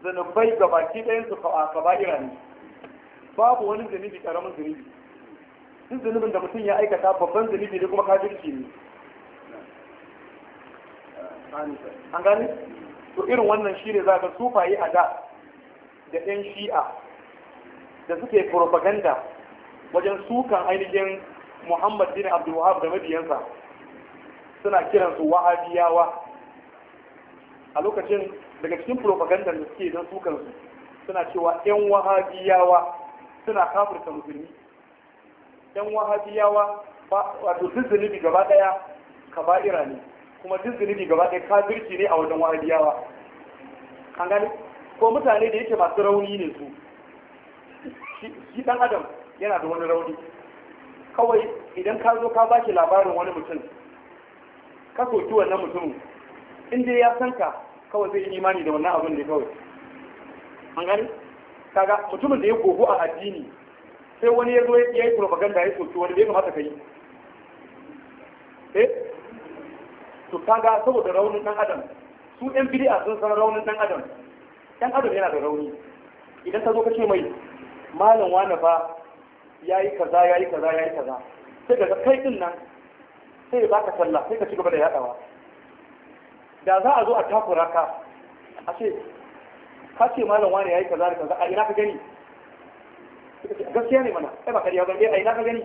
zanubai gabaki ɗayan su kaba'ira ne babu wani zanubi karamin zunubi duk zunubin da mutum ya aikata babban zunubi ne kuma kafirci ne an gani to irin wannan shi ne za ka sufaye a da da 'yan shi'a da suke propaganda wajen sukan ainihin muhammad bin abdul wahab da mabiyansa suna kiransu wahabiyawa a lokacin daga cikin propaganda da suke don sukansu suna cewa 'yan wahabiyawa suna kafirta musulmi yan wahabiyawa wato duk zunubi gaba daya ba'ira ne kuma duk zunubi gaba daya kafirci ne a wajen wahabiyawa an gani ko mutane da yake masu rauni ne su shi dan adam yana da wani rauni kawai idan ka zo ka baki labarin wani mutum ka soki wannan mutum. in dai ya san ka kawai zai yi imani da wannan abin da kawai an gani kaga mutumin da ya gogo a addini sai wani ya zo ya yi propaganda ya soki wani bai kamata ka yi eh to kaga saboda raunin dan adam su yan bid'a sun san raunin dan adam dan adam yana da rauni idan ka zo ka ce mai malam wani ba yayi kaza yayi kaza yayi kaza sai ka kai din nan sai ba ka sallah sai ka ci gaba da yadawa da za a zo a takura ka a ce ka ce malam wani yayi kaza da kaza a ina ka gani gaskiya ne mana kai ba ƙarya ba eh ai na ka gani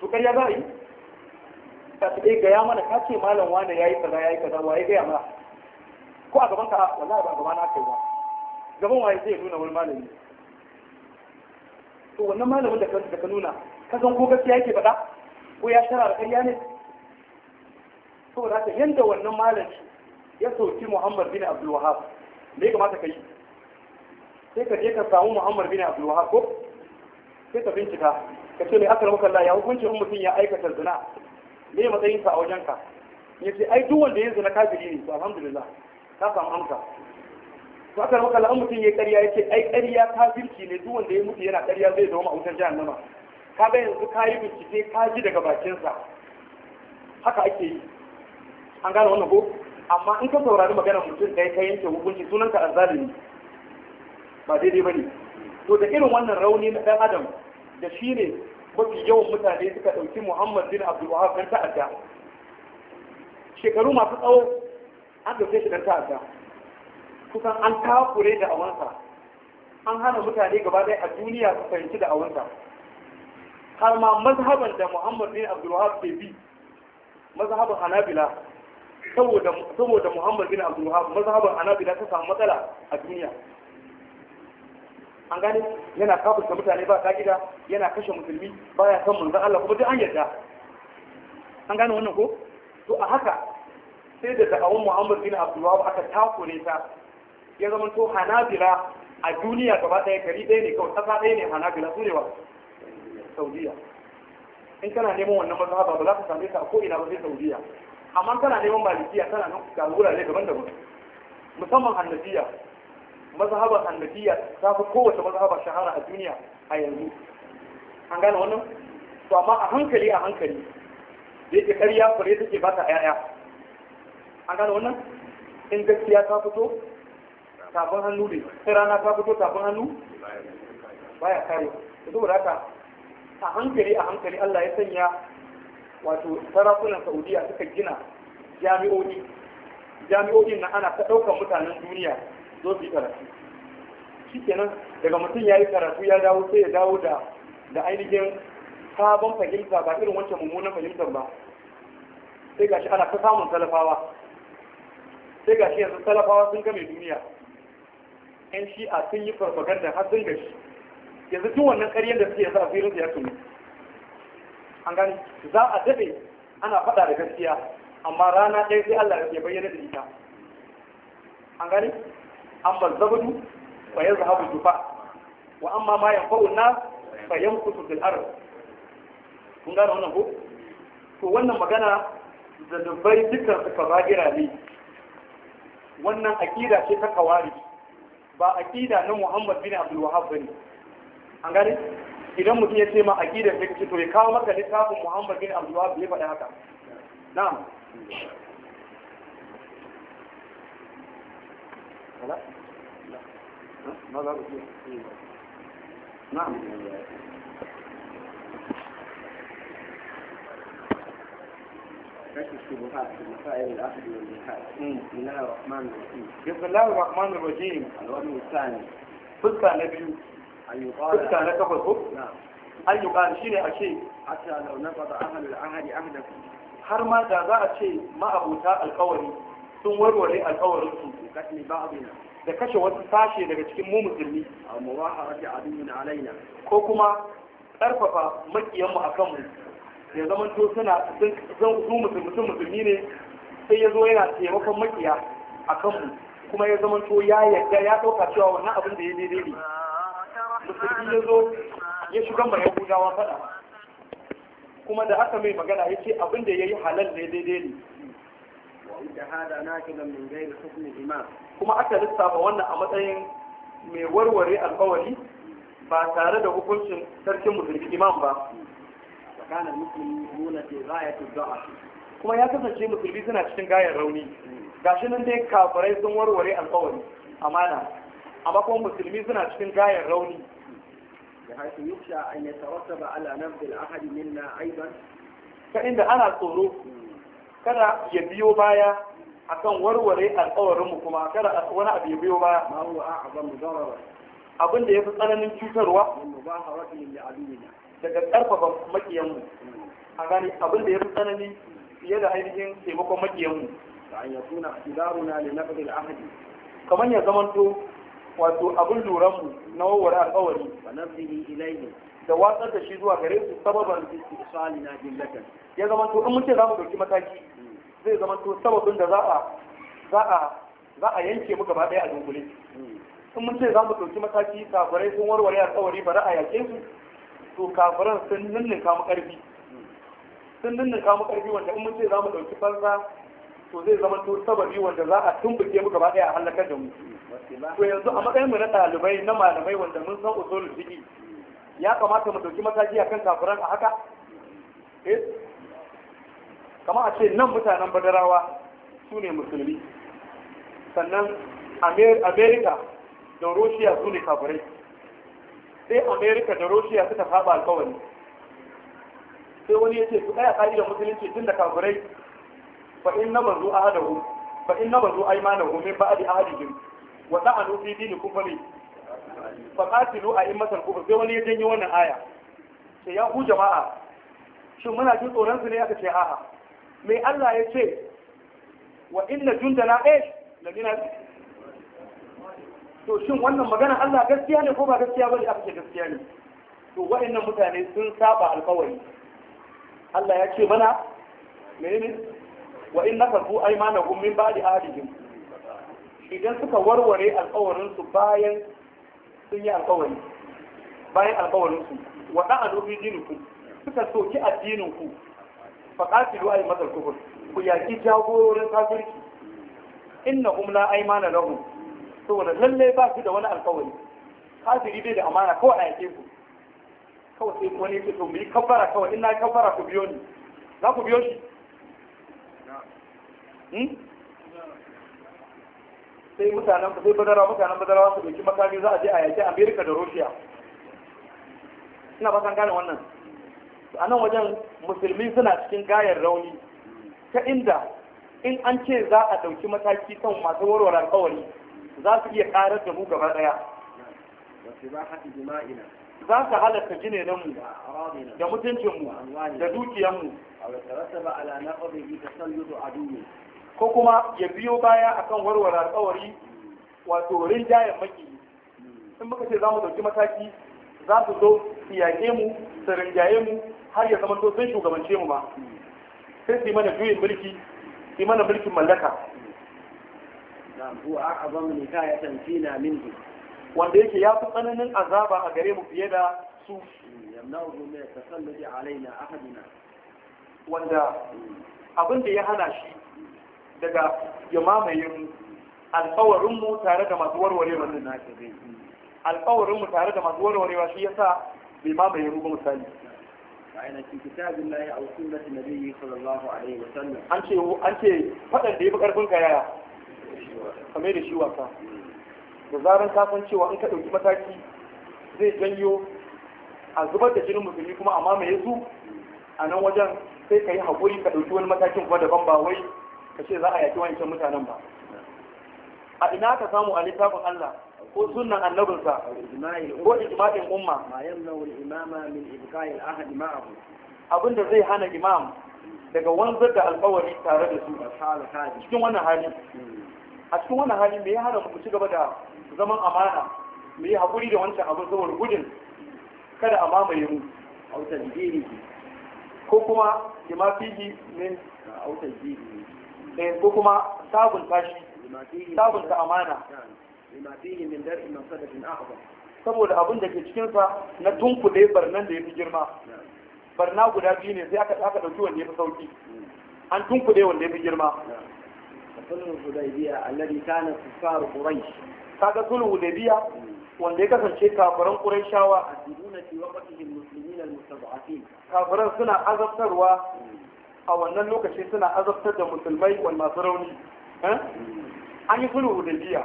to ƙarya ba yi ta ce gaya mana ka ce malam wani yayi kaza yayi kaza waye gaya mana ko a gaban ka wallahi ba gaban na kai ba gaban waye sai ya nuna wani malami to wannan malamin da ka nuna ka san ko gaskiya yake faɗa ko ya shara da ƙarya ne da haka yadda wannan malami ya sauki Muhammad bin Abdul Wahab me kamata ka yi sai ka je ka samu Muhammad bin Abdul Wahab ko sai ka bincika ka ce mai akar maka ya hukunci in mutum ya aikata zina me matsayin ka a wajen ka ya ce ai duk wanda ya zina kafiri ne to alhamdulillah ka samu amsa to akar maka Allah in mutum ya ƙarya ya ce ai ƙarya kafirci ne duk wanda ya mutu yana ƙarya zai zama a wutar jahannama ka ga yanzu ka yi bincike ka ji daga bakinsa haka ake yi an gane wannan ko amma in ka saurari maganar mutum ɗaya ka yanke hukunci sunan ka azzalimi ba daidai ba ne to da irin wannan rauni na dan adam da shi ne mafi yawan mutane suka ɗauki muhammad bin abdul wahab dan ta'adda shekaru masu tsawo an ɗauke shi dan ta'adda kusan an takure da awansa an hana mutane gaba ɗaya a duniya su fahimci da awansa har ma mazhaban da muhammad bin abdul wahab ke bi mazhaban hanabila saboda muhammad bin abdul wahab mazhaban hanabila ta samu matsala a duniya an gane yana kafirta mutane ba gida yana kashe musulmi ba ya san manzan Allah kuma duk an yarda an gane wannan ko to a haka sai da da'awun Muhammad bin Abdullah aka takure ta ya zama to Hanabila a duniya gaba ɗaya gari ɗaya ne kawai ƙasa ɗaya ne Hanabila su ne Saudiya in kana neman wannan mazhaba ba za ka same ta a ko ina ba sai Saudiya amma kana neman malikiya kana nan ga wurare daban-daban musamman hannabiya mazhabar annabiya ta fi kowace mazhaba shahara a duniya a yanzu an gane wannan to amma a hankali a hankali da yake karya fure take ba ta ƴaƴa an gane wannan in gaskiya ta fito tafin hannu ne sai rana ta fito tafin hannu baya kare da saboda haka a hankali a hankali Allah ya sanya wato sarakunan Saudiya suka gina jami'o'i jami'o'in na ana ta ɗaukar mutanen duniya zo su yi karatu shikenan daga mutum ya yi karatu ya dawo sai ya dawo da da ainihin sabon fahimta ba irin wancan mummunan fahimtar ba sai gashi ana ta samun talafawa sai gashi yanzu talafawa sun game duniya yan shi'a sun yi farfaganda har sun gashi yanzu tun wannan ƙaryar da suke yanzu a firin ya tuni an gani za a daɗe ana faɗa da gaskiya amma rana ɗaya sai Allah ya bayyana da ita an gani amma zabadu fa yazhabu jufa wa amma ma yanfa'u na fa yamkutu fil ard kun gane wannan ko to wannan magana da dubbai dukkan su fara ne wannan akida ce ta kawari ba akida na Muhammad bin Abdul wahab bane an gane idan mutum ya ce ma akida ta to ya kawo maka littafin Muhammad bin Abdul wahab ya faɗa haka na'am لا لا ماذا نعم الشبهات في مسائل العقد والجهاد بسم الله الرحمن الرحيم بسم الوجه الثاني فسكة نبي أن يقال فسكة نكفر نعم أن يقال شيء أشيء حتى لو نقض أهل العهد عهده har ma da za a ce ma'abuta alkawari sun warware alkawarin su kashe ba'dina da kashe wasu sashe daga cikin mu musulmi a muwaharati aduna alaina ko kuma karfafa makiyan mu akan mu ya zama to suna sun sun musulmi sun musulmi ne sai ya zo yana taimakon makiya akan mu kuma ya zama to ya yadda ya dauka cewa wannan abin da ya daidai ne musulmi ya zo ya shiga mai yahudawa fada kuma da aka mai magana ya ce abin da ya yi halal ne daidai ne da hada nakilan min gairi hukmin imam kuma aka lissafa wannan a matsayin mai warware alƙawari ba tare da hukuncin sarkin musulmi imam ba tsakanin musulmi nuna ce a da'a kuma ya kasance musulmi suna cikin gayar rauni gashi nan dai kafirai sun warware alƙawari amana amma kuma musulmi suna cikin gayar rauni Da yi يخشى أن يترتب على نبذ minna منا أيضا inda ana tsoro. kada ya biyo baya akan warware alƙawarinmu kuma kada wani abu ya biyo baya ma huwa a'zamu darara abin da yafi tsananin cutarwa daga karfafa makiyanmu a gani abin da yafi tsanani fiye da ainihin taimakon makiyanmu an ya tuna kamar ya zamanto wato abin mu na warware alƙawari da watsar da shi zuwa gare su sababan istisali na jillatan ya zama to in mutum za mu dauki mataki zai zama to sababin da za a za a za a yanke mu gaba daya a dunkule in mun ce za mu dauki mataki kafirai sun warware tsawari bari a yake su to kafiran sun ninnin kamu karfi sun ninnin kamu karfi wanda in mun ce za mu dauki fansa to zai zama to sababi wanda za a tumbuke mu gaba daya a halakar da mu to yanzu a matsayin mu na ɗalibai na malamai wanda mun san usulul fiqh ya kamata mu ɗauki mataki a kan kafiran a haka eh? kama a ce nan mutanen badarawa su ne musulmi sannan amerika da roshiya su ne kafirai sai amerika da roshiya suka saba alkawari sai wani ya ce su ɗaya da musulunci tun da kafirai fa in na bazu hu fa in na bazu a min ba'di ahadihim wa ta'anu fi kuma fa fa qatilu a'immatal kufr sai wani ya janyo wannan aya sai ya ku jama'a shin muna jin tsoron su ne aka ce a'a me Allah ya ce wa inna jundana eh ladina to shin wannan magana Allah gaskiya ne ko ba gaskiya bane aka ce gaskiya ne to wa'annan mutane sun saba alƙawari Allah ya ce mana menene wa inna kafu aymanahum min ba'di ahdihim idan suka warware alƙawarin su bayan sun yi alkawari bayan alkawarin su wa jininku fi dinikum suka soki addinin ku fa qatilu ay matal kufur ku yaki jagororin kuma na la rahu lahum saboda lalle ba su da wani alkawari kafiri bai da amana kawai a yake ku kawai sai wani yake to mu yi kabbara kawai in na kabbara ku biyo ni za ku biyo shi hmm? sai mutanen sai badara mutanen badara su ɗauki makami za a je a yaƙi amerika da russia ina ba gane wannan a nan wajen musulmi suna cikin gayar rauni ta inda in an ce za a ɗauki mataki kan masu warware alkawari za su iya karar da mu gaba ɗaya za su halatta gine na mu da mutuncinmu da dukiyanmu ko kuma ya biyo baya akan warware alƙawari wato jayen maki in muka ce za mu ɗauki mataki za su zo su yaƙe mu su rinjaye mu har ya zama to sun shugabance mu ma sai su yi mana juyin mulki su yi mana mulkin mallaka wanda yake ya fi tsananin azaba a gare mu fiye da su wanda abin da ya hana shi daga ya mamaye mu mu tare da masu warwarewa nan na zai alƙawarin mu tare da masu warwarewa shi yasa bai mamaye mu ba misali أن في كتاب الله أو سنة النبي صلى الله عليه وسلم أنت أنت فقط دي بقر ka yaya kamar da shi wasa da zaran ka san cewa in ka ɗauki mataki zai janyo a zubar da jinin musulmi kuma a mamaye su a nan wajen sai ka yi haƙuri ka ɗauki wani matakin kuma daban ba wai ka ce za a yaki wancan mutanen ba a ina ka samu a littafin Allah ko sunan annabinsa ko ijma'in umma ma yamna'u imama min ibqa'i al-ahad ma'ahu abinda zai hana imam daga wanzar da alkawari tare da su cikin wannan hali a cikin wannan hali me ya hana mu ci gaba da zaman amana mu yi hakuri da wancan abin saboda gudun kada a mamaye mu ko kuma limafihi min autar jiri ko kuma sabunta shi sabunta amana saboda abin da ke cikinsa na tunkuɗe barnan da ya fi girma barna guda biyu ne sai aka ɗauki wanda ya fi sauki an tunkuɗe wanda ya fi girma sulhu hudaybiya alladhi kana kuffar quraish kaga sulhu hudaybiya wanda ya kasance kafiran qurayshawa adibuna fi waqtihim muslimin almustad'afin kafiran suna azabtarwa a wannan lokaci suna azabtar da musulmai wal masu rauni eh? an yi sulhu da jiya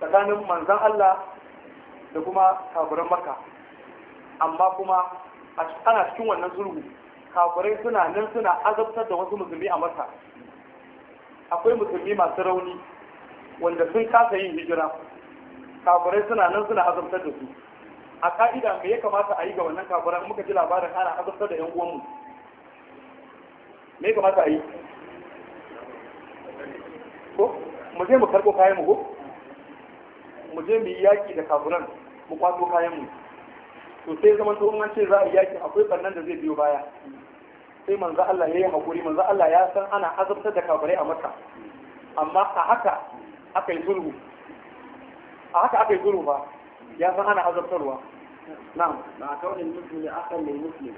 tsakanin manzan Allah da kuma kafiran maka amma kuma ana cikin wannan sulhu kafirai suna nan suna azabtar da wasu musulmi a masa akwai musulmi masu rauni wanda sun kasa yin hijira kafirai suna nan suna azabtar da su a ka'ida me ya kamata a yi ga wannan kafirai muka ji labarin ana azabtar da 'yan uwanmu me ya kamata a yi ko mu je mu karɓo kayan mu ko mu je mu yi yaƙi da kafuran mu kwato kayan mu to sai zaman to an ce za a yi yaƙi akwai bannan da zai biyo baya sai manzo Allah ya yi hakuri manzo Allah ya san ana azabtar da kafirai a Makka amma a haka aka yi sulhu a haka aka yi sulhu ba ya san ana azabtarwa na'am ba mutum ne akan ne muslim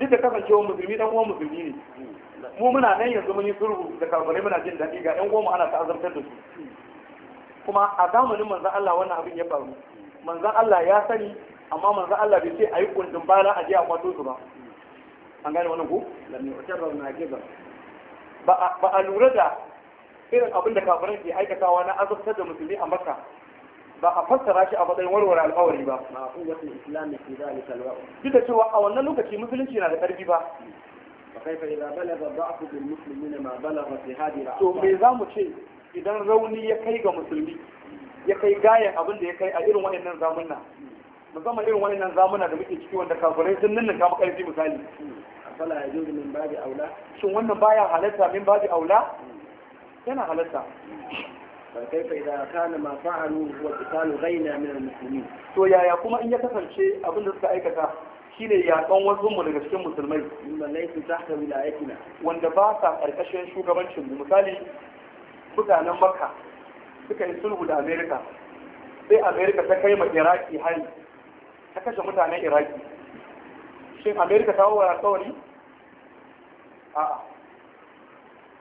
duk da kasancewar musulmi dan uwan musulmi ne mu muna nan yanzu mun yi sulhu da kafirai muna jin daɗi ga ɗan goma ana ta'azartar da su kuma a zamanin manzon Allah wannan abin ya faru manzon Allah ya sani amma manzon Allah bai ce ayi kundin bala a je a kwato su ba an gane wannan ko lam na naqiba ba ba a lura da irin abin da kafirai ke aikatawa na azabtar da musulmi a Makka ba a fassara shi a matsayin warware alƙawari ba ma quwwatul islam fi zalika alwaqt duk da cewa a wannan lokaci musulunci na da ƙarfi ba فكيف إذا بلغ ضعف بالمسلمين ما بلغ في هذه الأعصار؟ تو مي زامو تشي إذا روني يكاي ga musulmi ya kai gayan abin da ya kai a irin waɗannan zamuna zama irin waɗannan zamuna da muke ciki wanda kafirai sun nan kama ƙarfi misali fala ya juzu min babi aula shin wannan baya halatta min babi aula yana halatta fa فكيف إذا كان ما فعلوا هو قتال غينا من المسلمين تو يا يا كما إن يكفر شيء أبن دسك أيكتا shine yaƙon wasu mu daga cikin musulmai mimman laifin tahta wilayatina wanda ba sa ƙarƙashin shugabancin mu misali mutanen makka suka yi sulhu da amerika sai amerika ta kai ma iraki hari ta kashe mutanen iraki shin amerika ta warware alƙawari a'a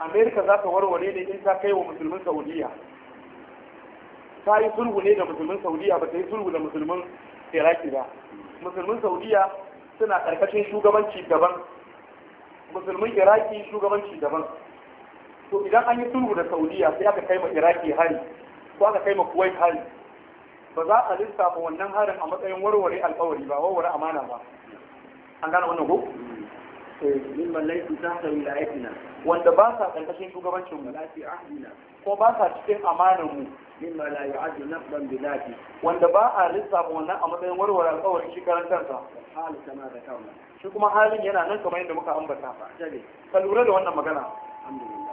amerika za ta warware ne in ta kai wa musulmin saudiya ta yi sulhu ne da musulmin saudiya ba ta yi sulhu da musulmin iraki ba musulmin saudiya suna karkashin shugabanci daban musulmin iraki shugabanci daban to idan an yi sulhu da saudiya sai aka kai ma iraki hari ko aka kai ma kuwait hari ba za a lissafa wannan harin a matsayin warware alkawari ba warware amana ba an gane wannan ko eh, mimman laifin tahta wilayatina wanda ba sa karkashin shugabancin mu ko ba sa cikin amanar mu mimma la yu'addu naqdan bi dhati wanda ba a lissafa wannan a matsayin warware alƙawarin shi karantar sa. hal kama da kauna shi kuma halin yana nan kamar yadda muka ambata ka lura da wannan magana alhamdulillah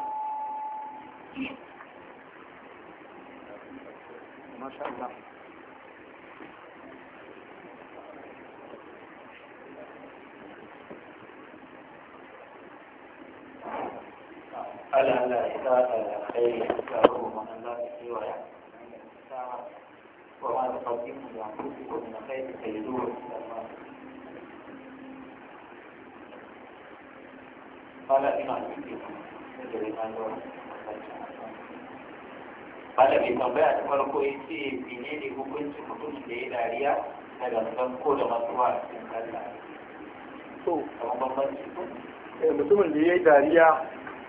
masha Allah Allah Allah ya sa ta kai ya Ba تقدموا لأنفسكم من خير تجدوه قال tambaya ta farko ya ce mene ne hukuncin mutum da ya dariya da gangan ko da masuwa a cikin Allah. So, kamar bambanci ko? Mutumin da ya yi dariya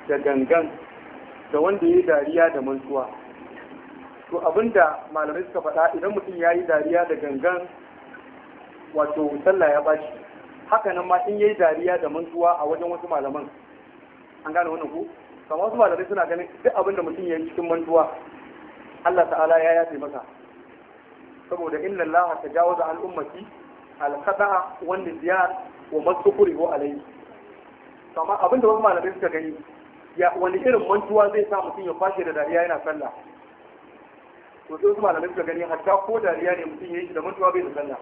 da gangan da wanda ya yi dariya da mantuwa. to abinda malamai suka faɗa idan mutum ya yi dariya da gangan wato sallah ya ɓaci haka nan ma in yayi dariya da mantuwa a wajen wasu malaman an gane wannan ku kamar wasu malamai suna ganin duk abin da mutum ya yi cikin mantuwa Allah ta'ala ya yafe masa saboda inna Allah ta an ummati al-khata'a wanda nisyan wa masukurihu alayhi kamar abin da wasu malamai suka gani ya wani irin mantuwa zai sa mutum ya fashe da dariya yana sallah to sai su malamai suka gani hatta ko dariya ne mutum ya yi shi da mutuwa bai da sallah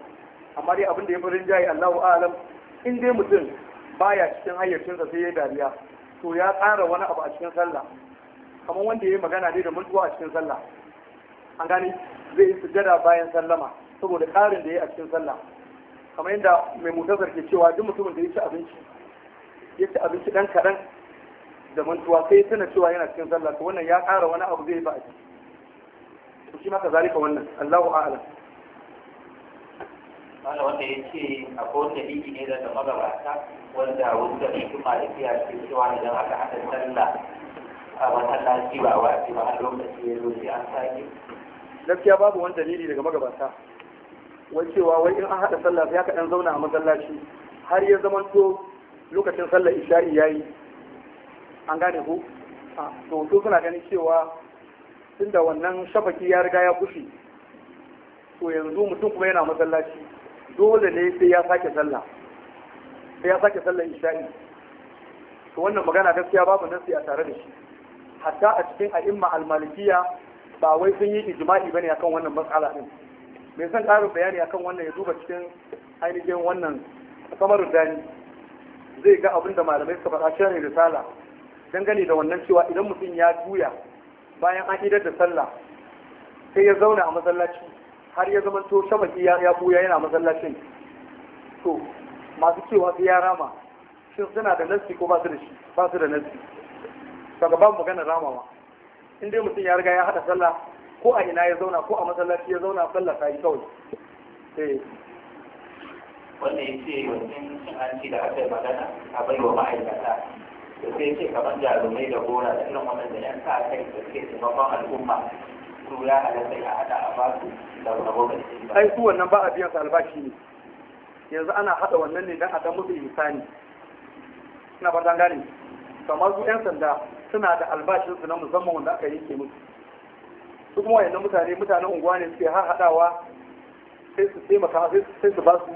amma dai abin da ya fi jayi Allahu alam in dai mutum baya cikin sa sai ya dariya to ya tsara wani abu a cikin sallah kamar wanda ya yi magana ne da mutuwa a cikin sallah an gani zai sujjada bayan sallama saboda ƙarin da ya yi a cikin sallah kamar yadda mai mutazar ke cewa duk mutumin da ya ci abinci ya ci abinci dan kaɗan da mantuwa sai ya tana cewa yana cikin sallah to wannan ya ƙara wani abu zai ba a ciki shi maka zalika wannan Allahu a'lam wanda wanda ya ce akwai wanda biki ne daga magabata wanda wanda bai kuma da fiya ce cewa idan aka haɗa sallah a masallaci ba wa ba a lokaci ya zo sai an sake gaskiya babu wani dalili daga magabata wai cewa wai in an haɗa sallah sai aka ɗan zauna a masallaci har ya to lokacin sallah isha'i yayi an gane ku ah, to to suna ganin cewa tunda wannan shafaki ya riga ya kushe to yanzu mutum kuma yana masallaci dole ne sai ya sake sallah sai ya sake sallah isha'i to wannan magana gaskiya babu nasi a tare da shi hatta a cikin a'imma al-malikiya ba wai sun yi ijma'i bane akan wannan matsala din me san karin bayani akan wannan ya duba cikin ainihin wannan kamar dani zai ga abin da malamai suka faɗa cikin risala dangane da wannan cewa idan mutum ya juya bayan an idar da sallah sai ya zauna a masallaci har ya zama to shamaki ya buya yana masallacin to masu cewa su ya rama shin suna da nasi ko ba su da shi ba su da nasi daga babu magana ramawa in dai mutum ya riga ya hada sallah ko a ina ya zauna ko a masallaci ya zauna sallah ta yi kawai eh wannan yace wannan cin hanci da aka yi magana a baiwa ma'aikata da sai ce kamar jarumai da gora da irin waɗanda yan sa kai da suke taimakon al'umma su ya halatta ya haɗa a basu da rabo da shi ai su wannan ba a biyan su albashi ne yanzu ana haɗa wannan ne don a dan musu misali ina ba gane kamar su yan sanda suna da albashinsu na musamman wanda aka yi ke musu su kuma wayannan mutane mutanen unguwa ne suke haɗawa sai su taimaka sai su ba su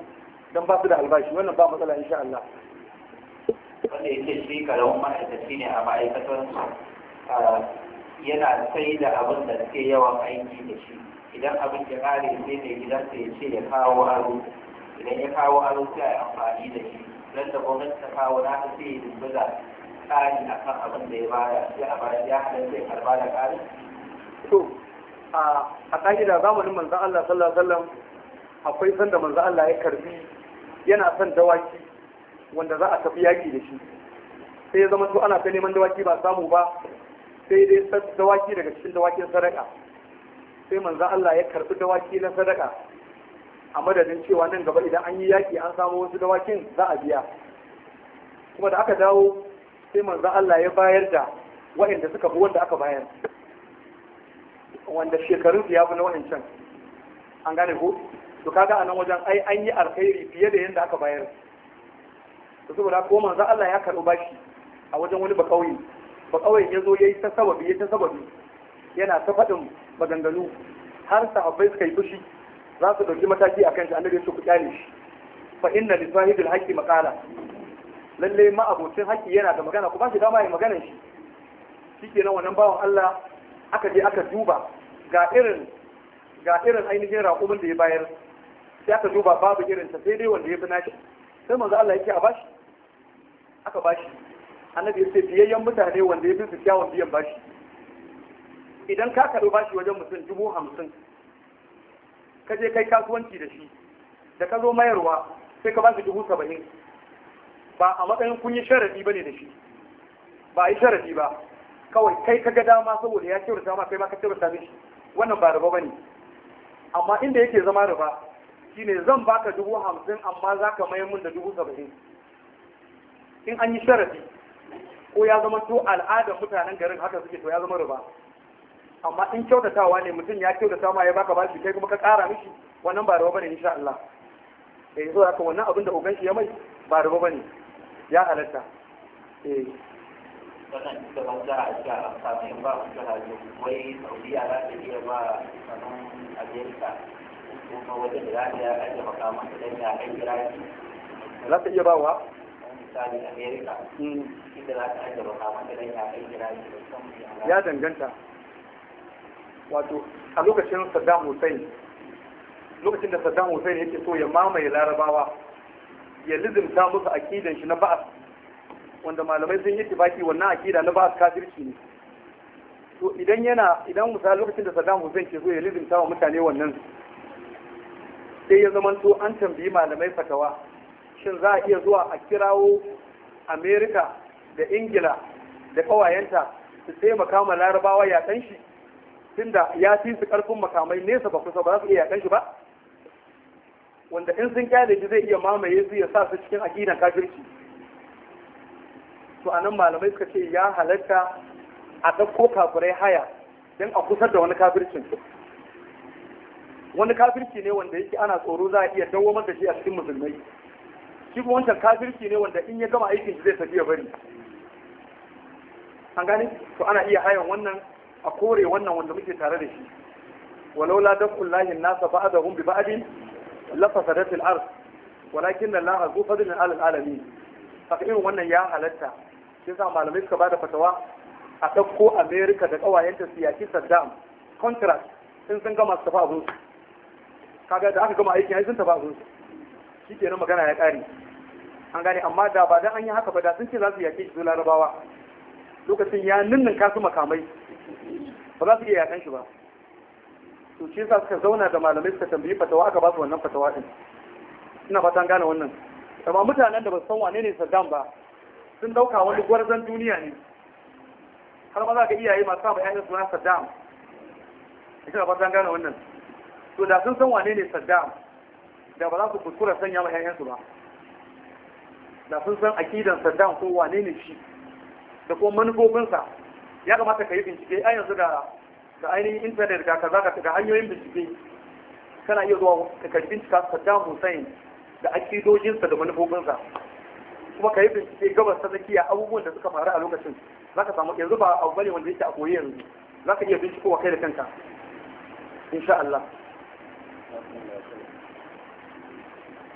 don ba su da albashi wannan ba matsala insha Allah wanda yake shi karamin ma'aikaci ne a ma'aikatarsu yana sai da abin da suke yawan aiki da shi idan abin ya kare sai mai gidansa ya ce ya kawo aro idan ya kawo aro sai a yi amfani da shi don da gwamnati ta kawo na ta sai ya dubbuza tsari a kan abin da ya bada sai a bayan ya halatta ya karba da ƙari. to a ƙa'ida zamanin manzan Allah sallallahu alaihi wasallam akwai sanda manzan Allah ya karbi yana son dawaki wanda za a tafi yaki da shi sai ya zama to ana ta neman dawaki ba samu ba sai dai dawaki daga cikin dawakin sadaka sai manzo Allah ya karɓi dawaki na sadaka a madadin cewa nan gaba idan an yi yaki an samu wasu dawakin za a biya kuma da aka dawo sai manzo Allah ya bayar da waɗanda suka bi wanda aka bayar wanda shekarun ya fi na waɗancan an gane ko to kaga a nan wajen ai an yi alkhairi fiye da yadda aka bayar to saboda ko manzo Allah ya karɓi bashi a wajen wani bakauye bakauye ya zo yayi ta sababi ya ta sababi yana ta faɗin maganganu har sahabbai suka yi fushi za su ɗauki mataki akan shi annabi ya ce ku kyale shi fa inna li sahibil haqqi maqala lalle ma abocin haƙƙi yana da magana ku ba shi dama ya magana shi shikenan wannan bawan Allah aka je aka duba ga irin ga irin ainihin raƙumin da ya bayar sai aka duba babu irin ta sai dai wanda ya fi nashi sai manzo Allah yake a bashi aka bashi annabi ya ce biyayyen mutane wanda ya fi su kyawun biyan bashi idan ka ba bashi wajen mutum dubu hamsin ka je kai kasuwanci da shi da ka zo mayarwa sai ka ba su dubu saba'in ba a matsayin kun yi sharadi ba ne da shi ba a yi sharadi ba kawai kai ka ga dama saboda ya kyautata ma kai ma ka kyautata shi. wannan ba ba ne. amma inda yake zama shi shine zan baka dubu hamsin amma za ka mayar mun da dubu saba'in in an yi sharafi ko ya zama to al'adar mutanen garin haka suke to ya zama ruba. amma in kyautatawa ne mutum ya kyautata ma ya baka bashi kai kuma ka ƙara mishi wannan ba riba bane insha Allah eh so haka wannan abin da ugan ya mai ba riba bane ya halatta eh wannan da ban za a ga kafin ba su da wai Saudiya za ta iya ba sanan Amerika ko wajen da ya ta iya ajiye makaman da ya aiki rafi za ta iya ba wa misali america inda za ta ajiye ya kai ya danganta wato a lokacin saddam hussein lokacin da saddam hussein yake so ya mamaye larabawa ya lizimta musu akidan shi na ba'as wanda malamai sun yi tibaki wannan akida na ba'as kafirci ne to idan yana idan misali lokacin da saddam hussein ke so ya lizimta wa mutane wannan sai ya zamanto an tambayi malamai fatawa shin za a iya zuwa a kirawo amerika da ingila da kawayenta su taimaka ma larabawa yakan shi tunda ya fi su karfin makamai nesa ba kusa ba za su iya yakan shi ba wanda in sun kyale shi zai iya mamaye su ya sa su cikin aqidan kafirci to anan malamai suka ce ya halatta a ɗauko kafirai haya don a kusar da wani kafircin wani kafirci ne wanda yake ana tsoro za a iya dawamar da shi a cikin musulmai shi kuma wancan kafirci ne wanda in ya gama aikin shi zai tafi ya bari an gane to ana iya hayan wannan a kore wannan wanda muke tare da shi walau la dakul lahi nasa ba'dahum bi ba'din la fasadat al ard walakin Allah zu fadlan al alamin haka irin wannan ya halatta sai sa malamai suka bada fatawa a dauko America da kawayenta su yaki Saddam contract sun sun gama su tafi abin kaga da aka gama aikin ai sun tafi abin shi kenan magana ya ƙare an gane amma da ba dan an yi haka ba da sun ce za su yaƙe shi su larabawa lokacin ya ninnin kasu makamai ba za su iya yaƙan shi ba to shi yasa suka zauna da malamai suka tambayi fatawa aka ba su wannan fatawa din ina fatan gane wannan amma mutanen da ba su san wane ne Saddam ba sun dauka wani gwarzon duniya ne har ma za ka iyaye masu saba ƴaƴan suna Saddam ina fatan gane wannan to da sun san wane ne Saddam da ba za su kuskura sanya ma ƴaƴansu ba da sun san akidan Saddam ko wane ne shi da kuma manufofinsa ya kamata ka yi bincike a yanzu da da ainihin intanet ga kaza ga hanyoyin bincike kana iya zuwa ka bincika Saddam Hussein da akidojinsa da manufofinsa kuma ka yi bincike gabas ta tsakiya abubuwan da suka faru a lokacin za ka samu yanzu ba abu bane wanda yake a koyi yanzu za ka iya bincikowa kai da kanka insha Allah